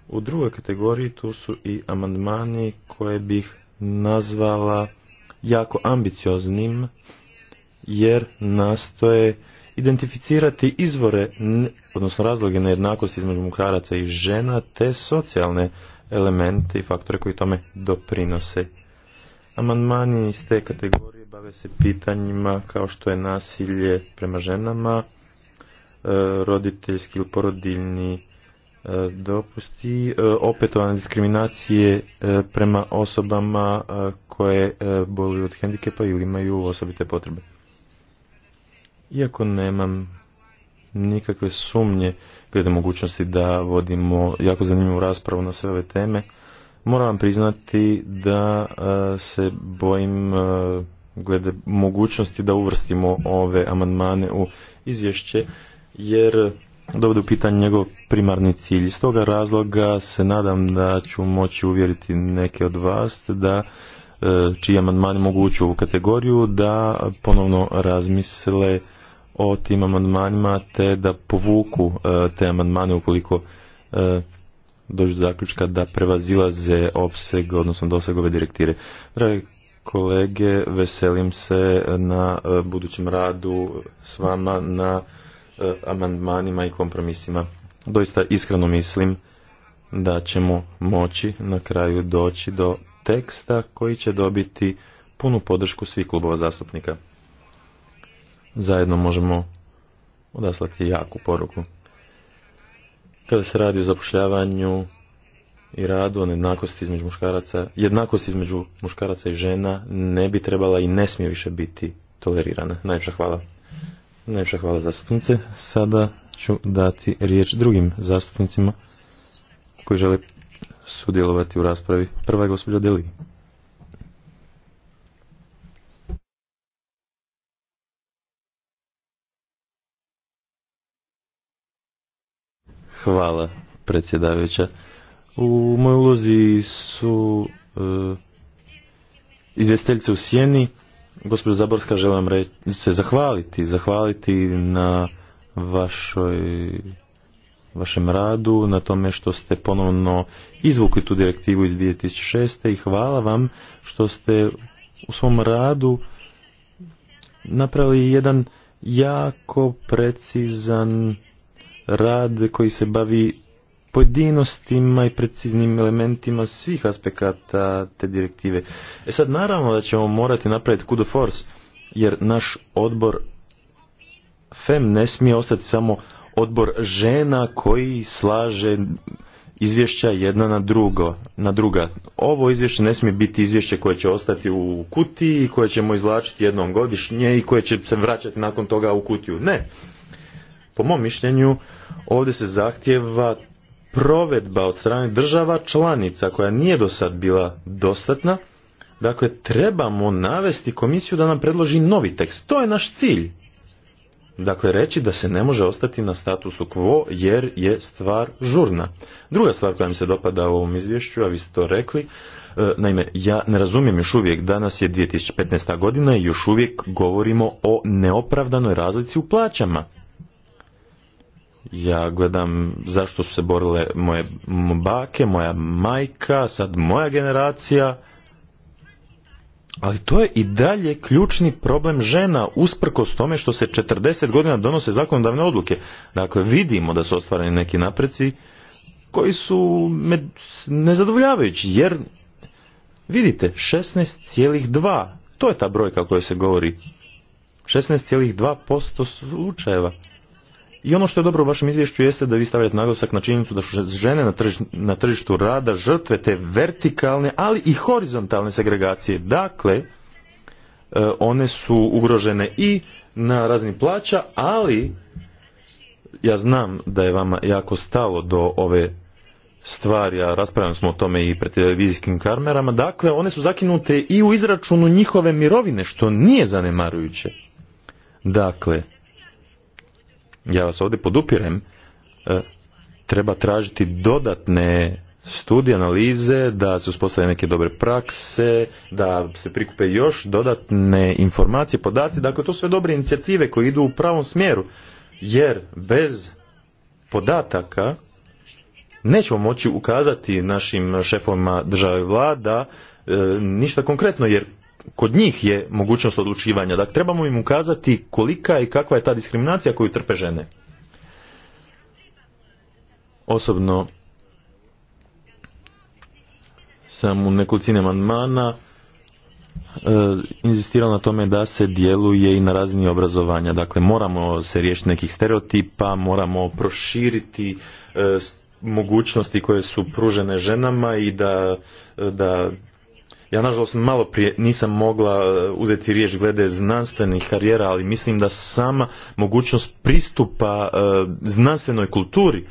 U drugoj kategoriji tu su i amandmani koje bih nazvala jako ambicioznim jer nastoje identificirati izvore, odnosno razloge nejednakosti između muškaraca i žena, te socijalne elemente i faktore koji tome doprinose. Amandmani iz te kategorije bave se pitanjima kao što je nasilje prema ženama, e, roditeljski ili porodiljni e, dopusti, e, opetovane diskriminacije prema osobama koje boluju od hendikepa ili imaju osobite potrebe iako nemam nikakve sumnje glede mogućnosti da vodimo jako zanimljivu raspravu na sve ove teme, moram vam priznati da e, se bojim e, glede mogućnosti da uvrstimo ove amandmane u izvješće, jer dovodu u pitanje njegov primarni cilj. Iz toga razloga se nadam da ću moći uvjeriti neke od vas da e, čiji amandmani moguću u ovu kategoriju, da ponovno razmisle o tim amandmanima te da povuku e, te amandmane ukoliko e, dođu do zaključka da prevazilaze opseg, odnosno doseg ove direktive. Drage kolege, veselim se na e, budućem radu s vama na amandmanima i kompromisima. Doista iskreno mislim da ćemo moći na kraju doći do teksta koji će dobiti punu podršku svih klubova zastupnika zajedno možemo odaslati jaku poruku. Kada se radi o zapošljavanju i radu, o jednakosti između muškaraca, jednakost između muškaraca i žena ne bi trebala i ne smije više biti tolerirana. Najljepša hvala. Najljepša hvala zastupnice. Sada ću dati riječ drugim zastupnicima koji žele sudjelovati u raspravi. Prva je gospođa Deli. Hvala, predsjedavajuća. U mojoj ulozi su e, izvjestiteljice u Sjeni. Gospođo Zaborska, želim vam se zahvaliti, zahvaliti na vašem radu, na tome što ste ponovno izvukli tu direktivu iz 2006. i hvala vam što ste u svom radu napravili jedan jako precizan rad koji se bavi pojedinostima i preciznim elementima svih aspekata te direktive. E sad naravno da ćemo morati napraviti kudo force jer naš odbor FEM ne smije ostati samo odbor žena koji slaže izvješća jedna na, drugo, na druga. Ovo izvješće ne smije biti izvješće koje će ostati u kutiji, koje ćemo izlačiti jednom godišnje i koje će se vraćati nakon toga u kutiju. Ne, po mom mišljenju ovdje se zahtjeva provedba od strane država članica koja nije do sad bila dostatna. Dakle, trebamo navesti komisiju da nam predloži novi tekst. To je naš cilj. Dakle, reći da se ne može ostati na statusu quo jer je stvar žurna. Druga stvar koja mi se dopada u ovom izvješću, a vi ste to rekli, e, naime, ja ne razumijem još uvijek, danas je 2015. godina i još uvijek govorimo o neopravdanoj razlici u plaćama ja gledam zašto su se borile moje bake, moja majka, sad moja generacija. Ali to je i dalje ključni problem žena, usprkos tome što se 40 godina donose zakonodavne odluke. Dakle, vidimo da su ostvareni neki napreci koji su nezadovoljavajući, jer vidite, 16,2, to je ta brojka o kojoj se govori. 16,2% slučajeva i ono što je dobro u vašem izvješću jeste da vi stavljate naglasak na činjenicu da su žene na, na tržištu rada žrtve te vertikalne, ali i horizontalne segregacije. Dakle, e, one su ugrožene i na razni plaća, ali ja znam da je vama jako stalo do ove stvari, a raspravljamo smo o tome i pred televizijskim karmerama. dakle one su zakinute i u izračunu njihove mirovine, što nije zanemarujuće. Dakle, ja vas ovdje podupirem, e, treba tražiti dodatne studije, analize, da se uspostave neke dobre prakse, da se prikupe još dodatne informacije, podaci. Dakle, to su sve dobre inicijative koje idu u pravom smjeru, jer bez podataka nećemo moći ukazati našim šefovima države vlada e, ništa konkretno, jer kod njih je mogućnost odlučivanja. Dakle, trebamo im ukazati kolika i kakva je ta diskriminacija koju trpe žene. Osobno sam u nekolicine amandmana e, inzistirao na tome da se djeluje i na razini obrazovanja. Dakle, moramo se riješiti nekih stereotipa, moramo proširiti e, mogućnosti koje su pružene ženama i da, e, da ja nažalost malo prije nisam mogla e, uzeti riječ glede znanstvenih karijera, ali mislim da sama mogućnost pristupa e, znanstvenoj kulturi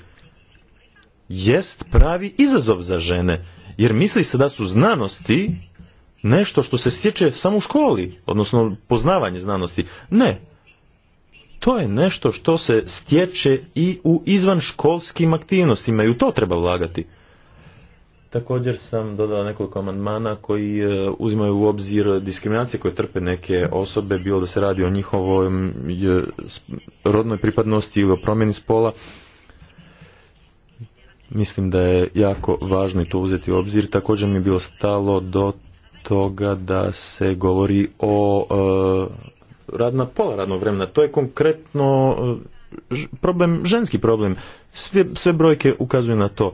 jest pravi izazov za žene. Jer misli se da su znanosti nešto što se stječe samo u školi, odnosno poznavanje znanosti. Ne, to je nešto što se stječe i u izvanškolskim aktivnostima i u to treba ulagati. Također sam dodala nekoliko amandmana koji e, uzimaju u obzir diskriminacije koje trpe neke osobe, bilo da se radi o njihovoj e, rodnoj pripadnosti ili o promjeni spola. Mislim da je jako važno i to uzeti u obzir. Također mi je bilo stalo do toga da se govori o e, radna pola radnog vremena. To je konkretno problem, ženski problem. Sve, sve brojke ukazuju na to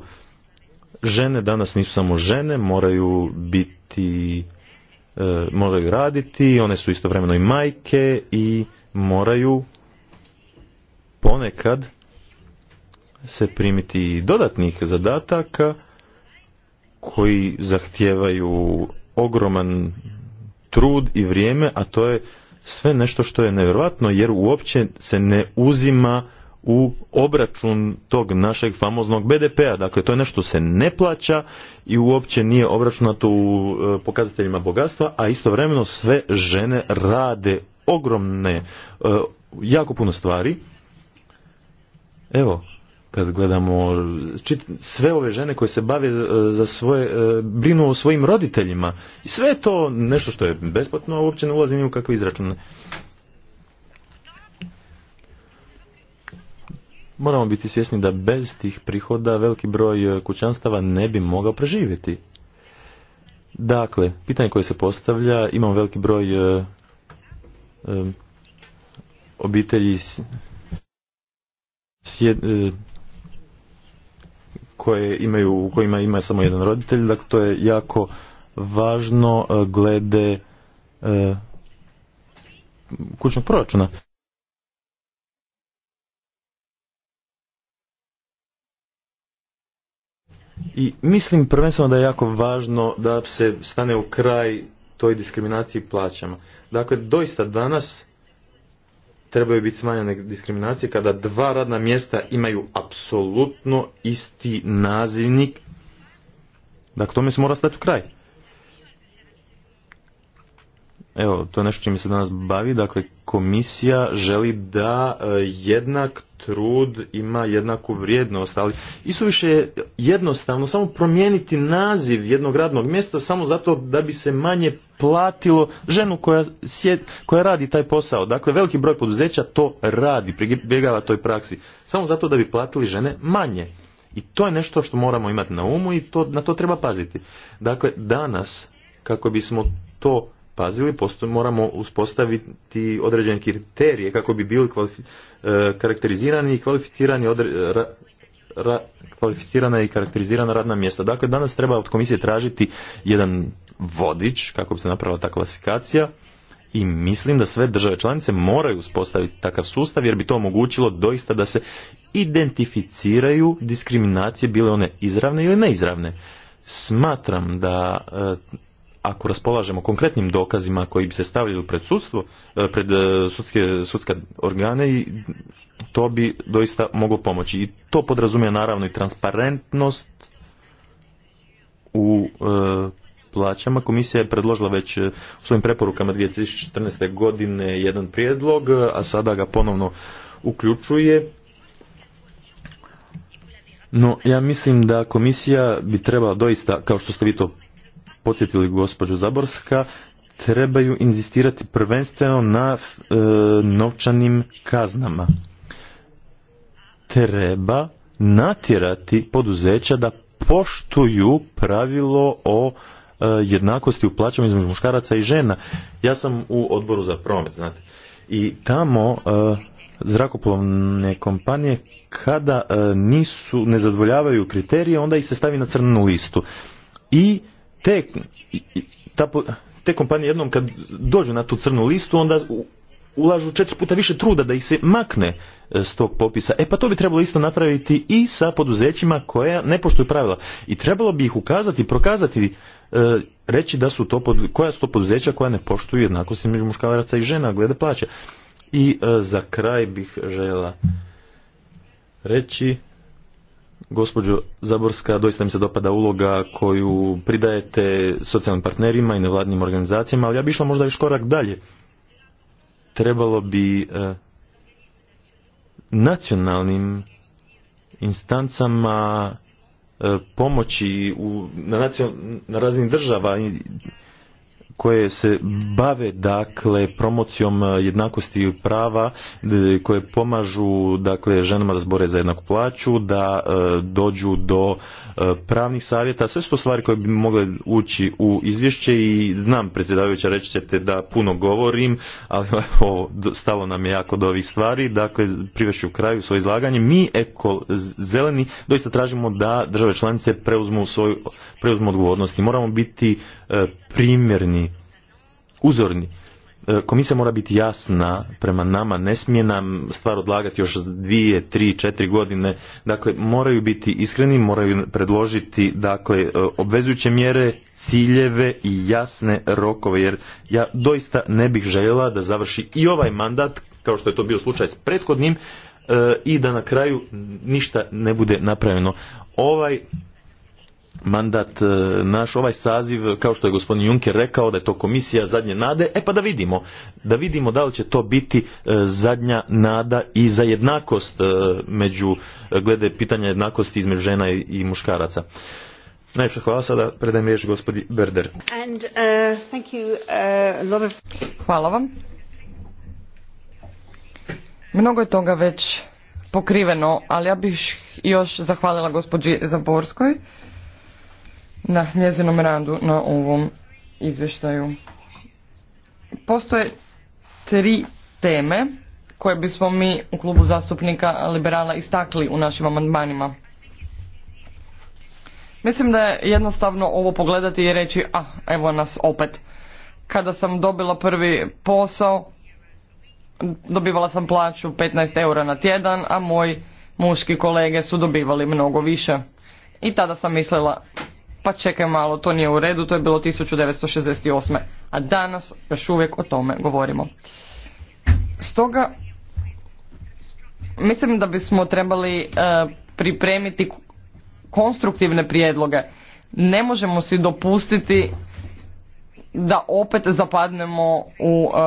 žene danas nisu samo žene, moraju biti e, moraju raditi, one su istovremeno i majke i moraju ponekad se primiti dodatnih zadataka koji zahtijevaju ogroman trud i vrijeme, a to je sve nešto što je nevjerojatno jer uopće se ne uzima u obračun tog našeg famoznog BDP-a. Dakle, to je nešto se ne plaća i uopće nije obračunato u e, pokazateljima bogatstva, a istovremeno sve žene rade ogromne, e, jako puno stvari. Evo, kad gledamo sve ove žene koje se bave e, za svoje, brinu o svojim roditeljima. I sve je to nešto što je besplatno, a uopće ne ulazi ni u kakve izračune. moramo biti svjesni da bez tih prihoda veliki broj e, kućanstava ne bi mogao preživjeti. Dakle, pitanje koje se postavlja, imamo veliki broj e, e, obitelji koje imaju, u kojima ima samo jedan roditelj, dakle to je jako važno glede kućnog proračuna. I mislim prvenstveno da je jako važno da se stane u kraj toj diskriminaciji plaćama. Dakle, doista danas trebaju biti smanjene diskriminacije kada dva radna mjesta imaju apsolutno isti nazivnik. Dakle, tome se mora stati u kraj. Evo, to je nešto čime se danas bavi. Dakle, komisija želi da e, jednak trud ima jednaku vrijednost, ali isuviše je jednostavno samo promijeniti naziv jednog radnog mjesta samo zato da bi se manje platilo ženu koja, koja radi taj posao. Dakle, veliki broj poduzeća to radi, pribjegava toj praksi, samo zato da bi platili žene manje. I to je nešto što moramo imati na umu i to, na to treba paziti. Dakle, danas, kako bismo to pazili, posto, moramo uspostaviti određene kriterije kako bi bili e, karakterizirani i kvalificirani odre, kvalificirana i karakterizirana radna mjesta. Dakle, danas treba od komisije tražiti jedan vodič kako bi se napravila ta klasifikacija i mislim da sve države članice moraju uspostaviti takav sustav jer bi to omogućilo doista da se identificiraju diskriminacije bile one izravne ili neizravne. Smatram da e, ako raspolažemo konkretnim dokazima koji bi se stavljali pred sudstvo, e, pred e, sudske, sudske organe i to bi doista moglo pomoći. I to podrazumije naravno i transparentnost u e, plaćama. Komisija je predložila već u svojim preporukama 2014. godine jedan prijedlog, a sada ga ponovno uključuje. No, ja mislim da komisija bi trebala doista, kao što ste vi to podsjetili gospođu Zaborska, trebaju inzistirati prvenstveno na e, novčanim kaznama. Treba natjerati poduzeća da poštuju pravilo o e, jednakosti u plaćama između muškaraca i žena. Ja sam u odboru za promet, znate. I tamo e, zrakoplovne kompanije kada e, nisu ne zadovoljavaju kriterije, onda ih se stavi na crnu listu. I te, te kompanije jednom kad dođu na tu crnu listu, onda ulažu četiri puta više truda da ih se makne e, s tog popisa. E pa to bi trebalo isto napraviti i sa poduzećima koja ne poštuju pravila. I trebalo bi ih ukazati, prokazati, e, reći da su to, koja su to poduzeća koja ne poštuju se među muškaraca i žena glede plaća. I e, za kraj bih žela reći Gospođo Zaborska, doista mi se dopada uloga koju pridajete socijalnim partnerima i nevladnim organizacijama, ali ja bi išla možda još korak dalje. Trebalo bi e, nacionalnim instancama e, pomoći na, na razini država koje se bave dakle promocijom e, jednakosti prava e, koje pomažu dakle ženama da zbore za jednaku plaću da e, dođu do pravnih savjeta sve su to stvari koje bi mogle ući u izvješće i znam predsjedavajuća reći ćete da puno govorim ali evo stalo nam je jako do ovih stvari dakle privešću kraju svoje izlaganje mi eko zeleni doista tražimo da države članice preuzmu svoju preuzmu odgovornosti. moramo biti E, primjerni, uzorni. E, komisija mora biti jasna prema nama, ne smije nam stvar odlagati još dvije, tri, četiri godine. Dakle, moraju biti iskreni, moraju predložiti dakle, e, obvezujuće mjere, ciljeve i jasne rokove, jer ja doista ne bih željela da završi i ovaj mandat, kao što je to bio slučaj s prethodnim, i da na kraju ništa ne bude napravljeno. Ovaj mandat e, naš, ovaj saziv, kao što je gospodin Juncker rekao da je to komisija zadnje nade, e pa da vidimo, da vidimo da li će to biti e, zadnja nada i za jednakost e, među, glede pitanja jednakosti između žena i muškaraca. Najljepša hvala, sada predajem riječ gospodi Berder. Hvala vam. Mnogo je toga već pokriveno, ali ja bih još zahvalila gospođi Zaborskoj na njezinom radu na ovom izvještaju. Postoje tri teme koje bismo mi u klubu zastupnika liberala istakli u našim amandmanima. Mislim da je jednostavno ovo pogledati i reći, a evo nas opet. Kada sam dobila prvi posao, dobivala sam plaću 15 eura na tjedan, a moji muški kolege su dobivali mnogo više. I tada sam mislila, pa čekaj malo, to nije u redu, to je bilo 1968. A danas još uvijek o tome govorimo. Stoga, mislim da bismo trebali e, pripremiti konstruktivne prijedloge. Ne možemo si dopustiti da opet zapadnemo u e,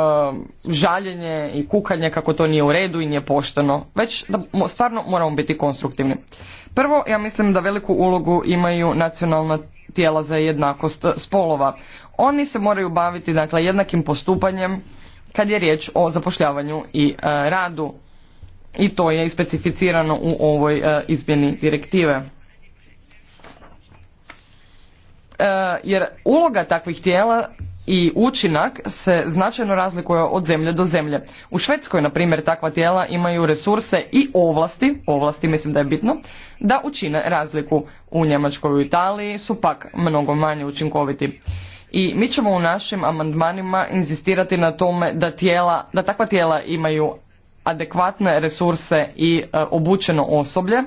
žaljenje i kukanje kako to nije u redu i nije pošteno. Već da stvarno moramo biti konstruktivni. Prvo, ja mislim da veliku ulogu imaju nacionalna tijela za jednakost spolova. Oni se moraju baviti dakle, jednakim postupanjem kad je riječ o zapošljavanju i e, radu. I to je specificirano u ovoj e, izmjeni direktive. E, jer uloga takvih tijela i učinak se značajno razlikuje od zemlje do zemlje. U Švedskoj, na primjer, takva tijela imaju resurse i ovlasti, ovlasti mislim da je bitno, da učine razliku. U Njemačkoj i u Italiji su pak mnogo manje učinkoviti. I mi ćemo u našim amandmanima inzistirati na tome da, tijela, da takva tijela imaju adekvatne resurse i e, obučeno osoblje,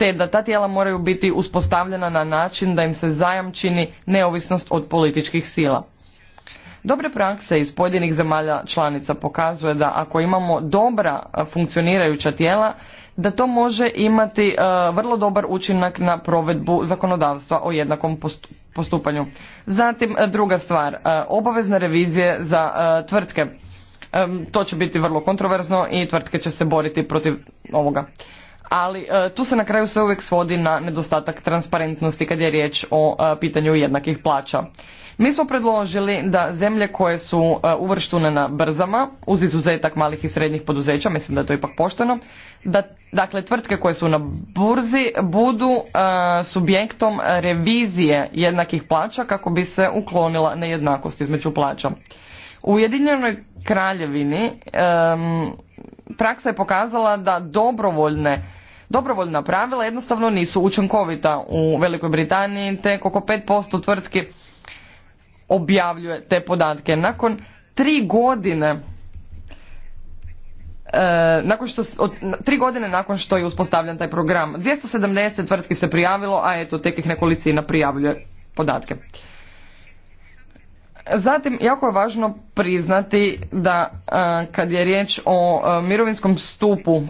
te da ta tijela moraju biti uspostavljena na način da im se zajamčini neovisnost od političkih sila. Dobre prakse iz pojedinih zemalja članica pokazuje da ako imamo dobra funkcionirajuća tijela, da to može imati vrlo dobar učinak na provedbu zakonodavstva o jednakom postupanju. Zatim druga stvar, obavezne revizije za tvrtke. To će biti vrlo kontroverzno i tvrtke će se boriti protiv ovoga ali e, tu se na kraju sve uvijek svodi na nedostatak transparentnosti kad je riječ o e, pitanju jednakih plaća. Mi smo predložili da zemlje koje su e, uvrštene na brzama, uz izuzetak malih i srednjih poduzeća, mislim da je to ipak pošteno, da dakle tvrtke koje su na burzi budu subjektom revizije jednakih plaća kako bi se uklonila nejednakost između plaća. U Ujedinjenoj kraljevini praksa je pokazala da dobrovoljne Dobrovoljna pravila jednostavno nisu učinkovita u Velikoj Britaniji, te oko 5% tvrtki objavljuje te podatke. Nakon tri godine e, nakon što, od, tri godine nakon što je uspostavljen taj program, 270 tvrtki se prijavilo, a eto, tek ih nekolicina prijavljuje podatke. Zatim, jako je važno priznati da e, kad je riječ o e, mirovinskom stupu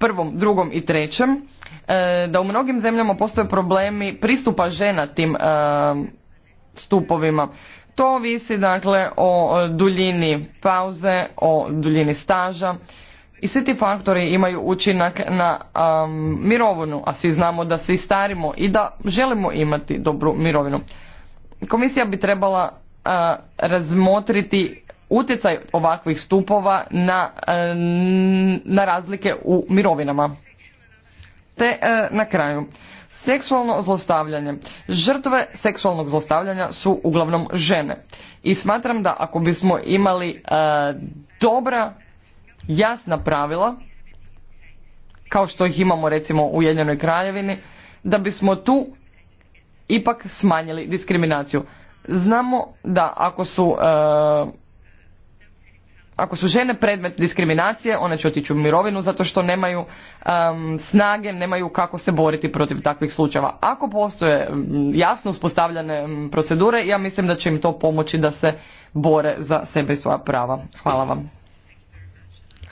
prvom, drugom i trećem, e, da u mnogim zemljama postoje problemi pristupa žena tim e, stupovima. To ovisi dakle o duljini pauze, o duljini staža i svi ti faktori imaju učinak na mirovinu, a svi znamo da svi starimo i da želimo imati dobru mirovinu. Komisija bi trebala e, razmotriti utjecaj ovakvih stupova na, e, na razlike u mirovinama. Te e, na kraju, seksualno zlostavljanje. Žrtve seksualnog zlostavljanja su uglavnom žene. I smatram da ako bismo imali e, dobra, jasna pravila, kao što ih imamo recimo u Ujedinjenoj kraljevini, da bismo tu ipak smanjili diskriminaciju. Znamo da ako su ako su žene predmet diskriminacije, one će otići u mirovinu zato što nemaju snage, nemaju kako se boriti protiv takvih slučajeva. Ako postoje mm, jasno uspostavljene mm, procedure, ja mislim da će im to pomoći da se bore za sebe i svoja prava. Hvala vam.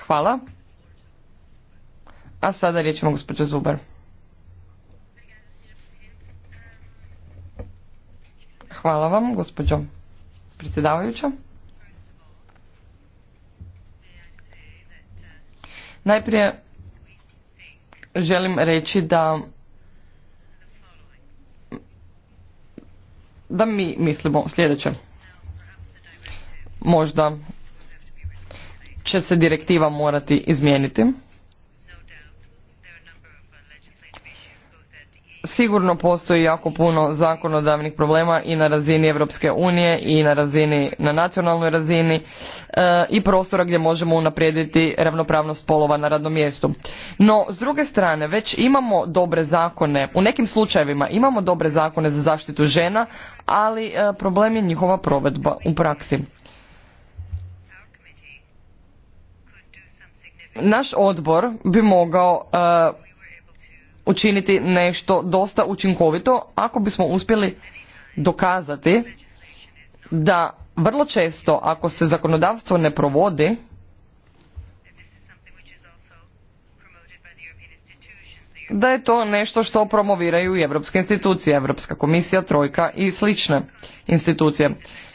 Hvala. A sada riječ ima gospođa Zuber. Hvala vam, gospođo predsjedavajuća. Najprije želim reći da da mi mislimo sljedeće. Možda će se direktiva morati izmijeniti sigurno postoji jako puno zakonodavnih problema i na razini Europske unije i na razini na nacionalnoj razini e, i prostora gdje možemo unaprijediti ravnopravnost polova na radnom mjestu. No, s druge strane, već imamo dobre zakone, u nekim slučajevima imamo dobre zakone za zaštitu žena, ali e, problem je njihova provedba u praksi. Naš odbor bi mogao e, učiniti nešto dosta učinkovito ako bismo uspjeli dokazati da vrlo često ako se zakonodavstvo ne provodi da je to nešto što promoviraju i europske institucije, Europska komisija, Trojka i slične institucije.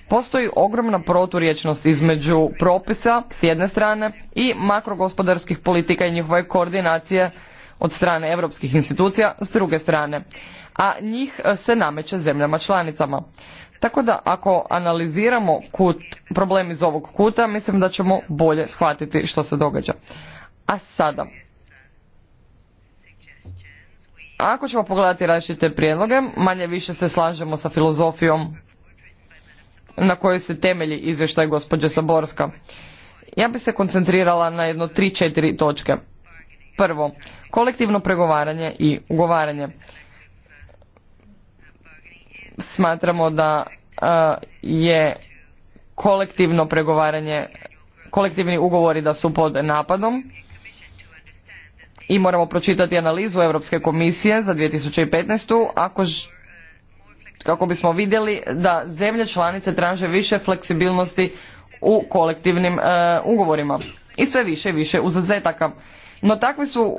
Postoji ogromna proturječnost između propisa s jedne strane i makrogospodarskih politika i njihove koordinacije od strane europskih institucija s druge strane, a njih e, se nameće zemljama članicama. Tako da ako analiziramo kut, problem iz ovog kuta, mislim da ćemo bolje shvatiti što se događa. A sada, ako ćemo pogledati različite prijedloge, manje više se slažemo sa filozofijom na kojoj se temelji izvještaj gospođe Saborska. Ja bi se koncentrirala na jedno tri, četiri točke. Prvo, kolektivno pregovaranje i ugovaranje. Smatramo da je kolektivno pregovaranje, kolektivni ugovori da su pod napadom i moramo pročitati analizu Europske komisije za 2015. Ako kako bismo vidjeli da zemlje članice traže više fleksibilnosti u kolektivnim ugovorima i sve više i više uzazetaka. No takvi su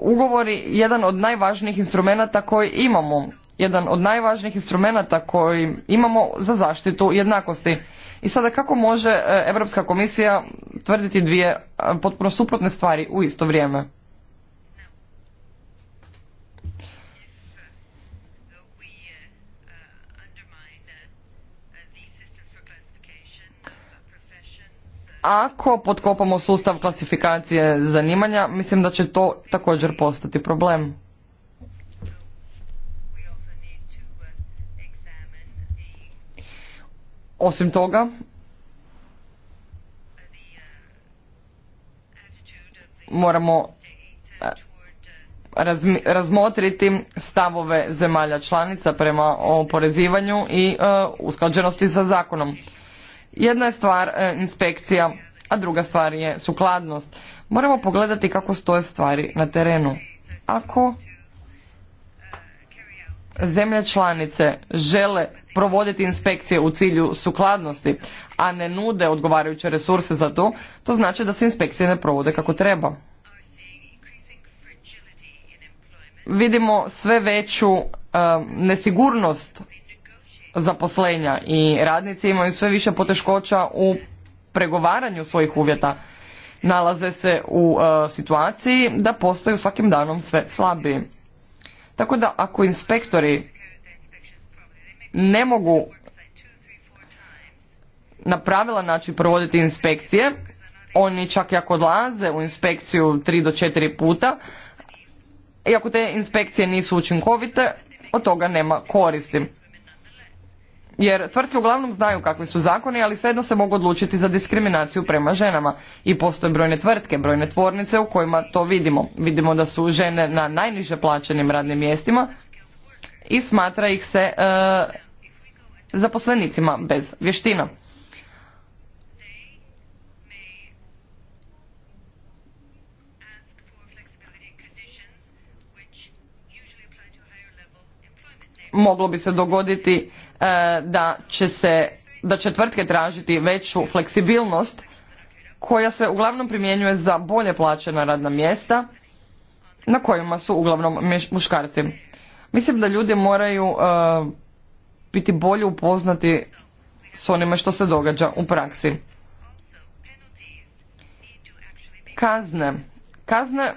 ugovori jedan od najvažnijih instrumenata koji imamo, jedan od najvažnijih instrumenata koji imamo za zaštitu jednakosti. I sada kako može Europska komisija tvrditi dvije potpuno suprotne stvari u isto vrijeme? ako potkopamo sustav klasifikacije zanimanja, mislim da će to također postati problem. Osim toga, moramo eh, razmotriti stavove zemalja članica prema oporezivanju i eh, usklađenosti sa zakonom. Jedna je stvar e, inspekcija, a druga stvar je sukladnost. Moramo pogledati kako stoje stvari na terenu. Ako zemlje članice žele provoditi inspekcije u cilju sukladnosti, a ne nude odgovarajuće resurse za to, to znači da se inspekcije ne provode kako treba. Vidimo sve veću e, nesigurnost zaposlenja i radnici imaju sve više poteškoća u pregovaranju svojih uvjeta. Nalaze se u e, situaciji da postaju svakim danom sve slabiji. Tako da ako inspektori ne mogu na pravilan način provoditi inspekcije, oni čak i ako odlaze u inspekciju tri do četiri puta, i ako te inspekcije nisu učinkovite, od toga nema koristi jer tvrtke uglavnom znaju kakvi su zakoni, ali svejedno se mogu odlučiti za diskriminaciju prema ženama. I postoje brojne tvrtke, brojne tvornice u kojima to vidimo. Vidimo da su žene na najniže plaćenim radnim mjestima i smatra ih se e, zaposlenicima bez vještina. Moglo bi se dogoditi E, da će se da će tvrtke tražiti veću fleksibilnost koja se uglavnom primjenjuje za bolje plaćena radna mjesta na kojima su uglavnom muškarci. Mislim da ljudi moraju e, biti bolje upoznati s onime što se događa u praksi. Kazne. Kazne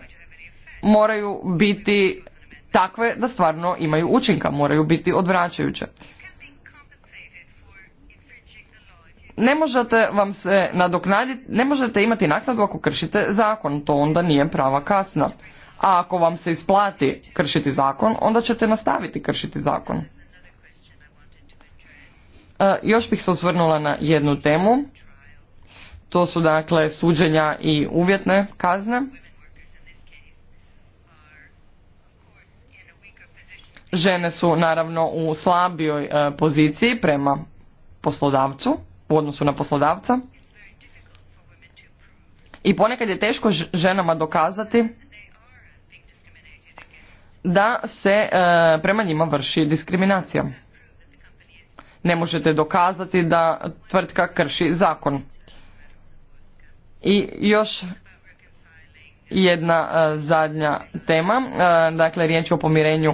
moraju biti takve da stvarno imaju učinka, moraju biti odvraćajuće. ne možete vam se nadoknaditi, ne možete imati naknadu ako kršite zakon, to onda nije prava kasna. A ako vam se isplati kršiti zakon, onda ćete nastaviti kršiti zakon. E, još bih se osvrnula na jednu temu. To su dakle suđenja i uvjetne kazne. Žene su naravno u slabijoj e, poziciji prema poslodavcu u odnosu na poslodavca. I ponekad je teško ženama dokazati da se e, prema njima vrši diskriminacija. Ne možete dokazati da tvrtka krši zakon. I još jedna e, zadnja tema, e, dakle riječ o pomirenju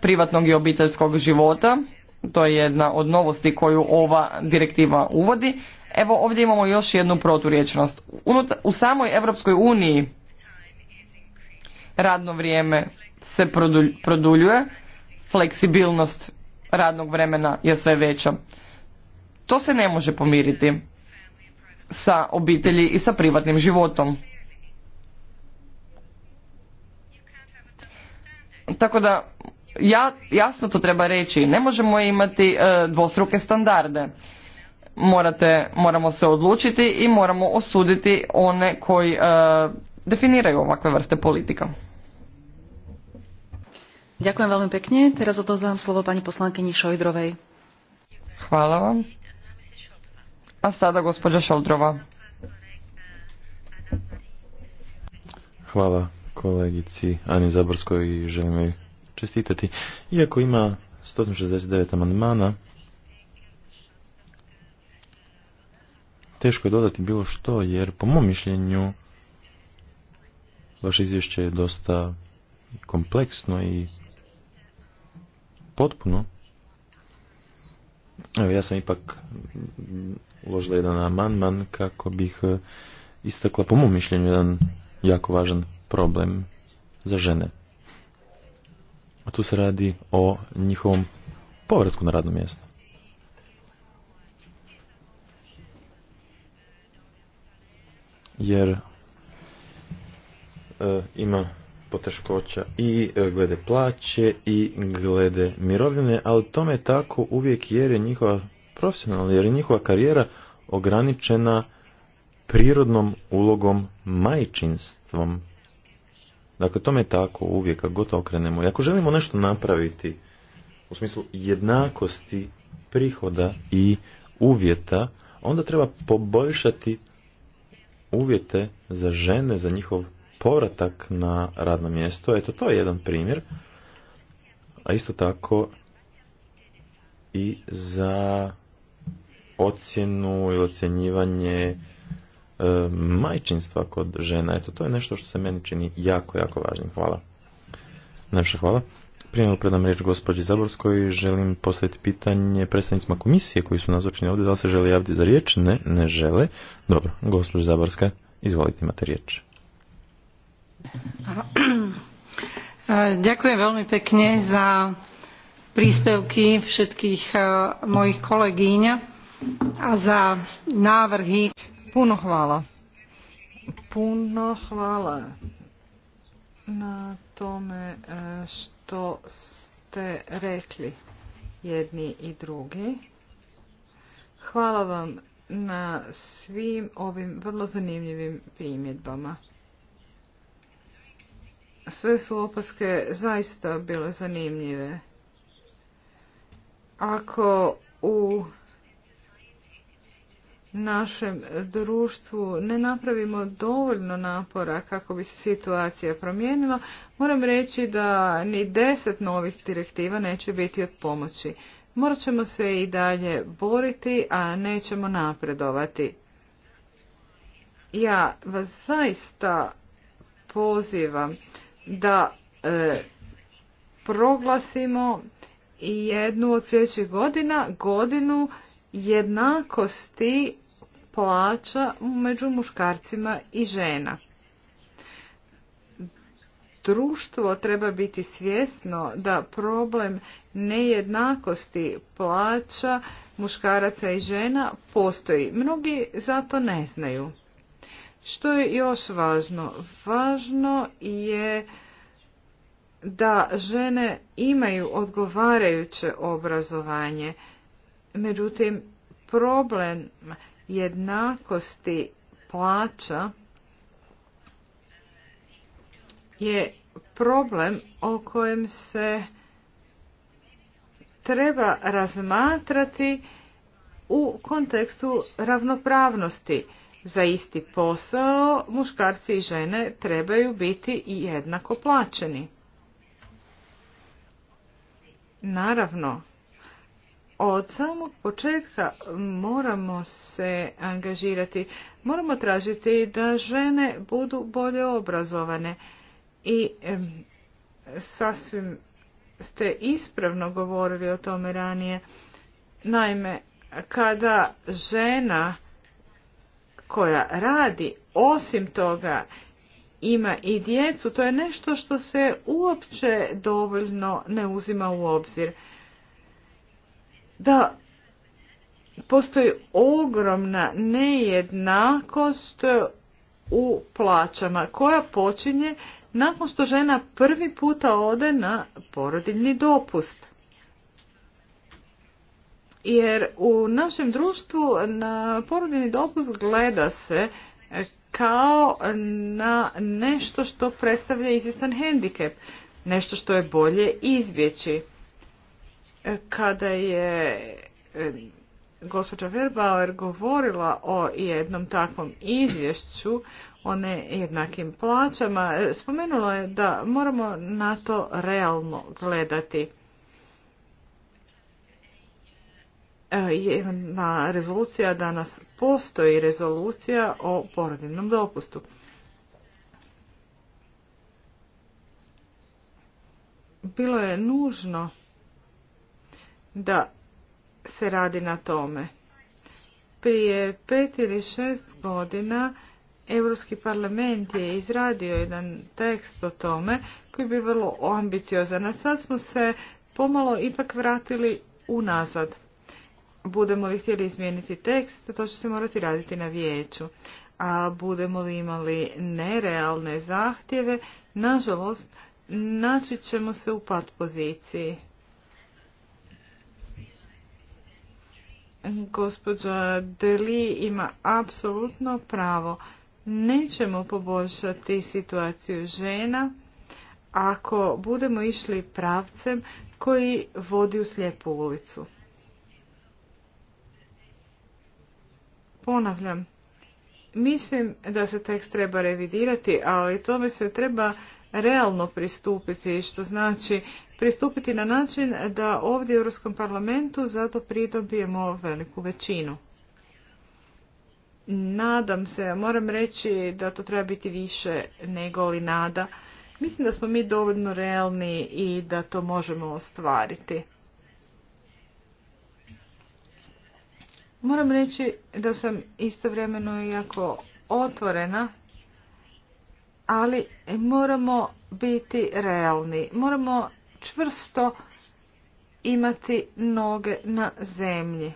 privatnog i obiteljskog života. To je jedna od novosti koju ova direktiva uvodi. Evo ovdje imamo još jednu proturječnost. U samoj Europskoj uniji radno vrijeme se produljuje, fleksibilnost radnog vremena je sve veća. To se ne može pomiriti sa obitelji i sa privatnim životom. Tako da ja, jasno to treba reći, ne možemo imati e, dvostruke standarde. Morate, moramo se odlučiti i moramo osuditi one koji e, definiraju ovakve vrste politika. Ďakujem veľmi pekne. Teraz odozvám slovo pani poslankyni Šojdrovej. Hvala vám. A sada gospođa Šoldrova. Hvala kolegici Ani Zaborskoj i želim čestitati. Iako ima 169 amandmana, teško je dodati bilo što, jer po mom mišljenju vaše izvješće je dosta kompleksno i potpuno. Evo, ja sam ipak uložila jedan amandman kako bih e, istakla po mom mišljenju jedan jako važan problem za žene. A tu se radi o njihovom povratku na radno mjesto. Jer e, ima poteškoća i e, glede plaće i glede mirovine, ali tome je tako uvijek jer je njihova profesionalna, jer je njihova karijera ograničena prirodnom ulogom majčinstvom. Dakle, tome je tako uvijek, kako gotovo okrenemo. I ako želimo nešto napraviti u smislu jednakosti prihoda i uvjeta, onda treba poboljšati uvjete za žene, za njihov povratak na radno mjesto. Eto, to je jedan primjer. A isto tako i za ocjenu i ocjenjivanje E, majčinstva kod žena. Eto, to je nešto što se meni čini jako, jako važnim. Hvala. Najviše hvala. Prije nego predam riječ gospođi Zaborskoj, želim postaviti pitanje predstavnicima komisije koji su nazočni ovdje. Da li se žele javiti za riječ? Ne, ne žele. Dobro, gospođa Zaborska, izvolite, imate riječ. Ďakujem veľmi pekne za príspevky všetkých e, mojich kolegyň a za návrhy. Puno hvala. Puno hvala na tome e, što ste rekli jedni i drugi. Hvala vam na svim ovim vrlo zanimljivim primjedbama. Sve su opaske zaista bile zanimljive. Ako u našem društvu ne napravimo dovoljno napora kako bi se situacija promijenila, moram reći da ni deset novih direktiva neće biti od pomoći. Morat ćemo se i dalje boriti, a nećemo napredovati. Ja vas zaista pozivam da e, proglasimo jednu od sljedećih godina godinu jednakosti plaća među muškarcima i žena. Društvo treba biti svjesno da problem nejednakosti plaća muškaraca i žena postoji. Mnogi zato ne znaju. Što je još važno? Važno je da žene imaju odgovarajuće obrazovanje. Međutim, problem jednakosti plaća je problem o kojem se treba razmatrati u kontekstu ravnopravnosti. Za isti posao muškarci i žene trebaju biti i jednako plaćeni. Naravno, od samog početka moramo se angažirati, moramo tražiti da žene budu bolje obrazovane i sasvim ste ispravno govorili o tome ranije. Naime, kada žena koja radi osim toga ima i djecu, to je nešto što se uopće dovoljno ne uzima u obzir da postoji ogromna nejednakost u plaćama koja počinje nakon što žena prvi puta ode na porodiljni dopust. Jer u našem društvu na porodiljni dopust gleda se kao na nešto što predstavlja izvjestan hendikep, nešto što je bolje izbjeći kada je gospođa Verbauer govorila o jednom takvom izvješću o nejednakim plaćama, e, spomenula je da moramo na to realno gledati. E, jedna rezolucija danas postoji rezolucija o porodinom dopustu. Bilo je nužno da se radi na tome. Prije pet ili šest godina Europski parlament je izradio jedan tekst o tome koji bi vrlo ambiciozan, a sad smo se pomalo ipak vratili unazad. Budemo li htjeli izmijeniti tekst, to će se morati raditi na vijeću. A budemo li imali nerealne zahtjeve, nažalost, naći ćemo se u pat poziciji. Gospođa Deli ima apsolutno pravo. Nećemo poboljšati situaciju žena ako budemo išli pravcem koji vodi u slijepu ulicu. Ponavljam, mislim da se tekst treba revidirati, ali tome se treba realno pristupiti, što znači pristupiti na način da ovdje u Europskom parlamentu zato pridobijemo veliku većinu. Nadam se, moram reći da to treba biti više nego li nada. Mislim da smo mi dovoljno realni i da to možemo ostvariti. Moram reći da sam istovremeno jako otvorena ali moramo biti realni. Moramo čvrsto imati noge na zemlji.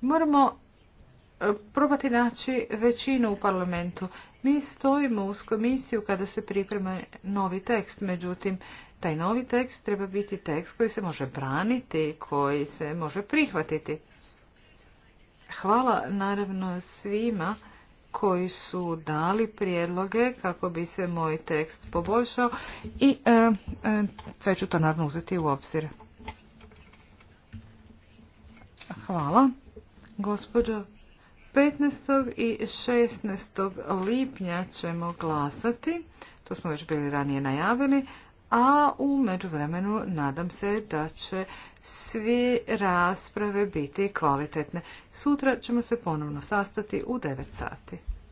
Moramo e, probati naći većinu u parlamentu. Mi stojimo uz komisiju kada se priprema novi tekst, međutim, taj novi tekst treba biti tekst koji se može braniti, koji se može prihvatiti. Hvala naravno svima koji su dali prijedloge kako bi se moj tekst poboljšao i e, e, sve ću to naravno uzeti u obzir. Hvala. Gospođo, 15. i 16. lipnja ćemo glasati, to smo već bili ranije najavili, a u međuvremenu nadam se da će svi rasprave biti kvalitetne. Sutra ćemo se ponovno sastati u 9 sati.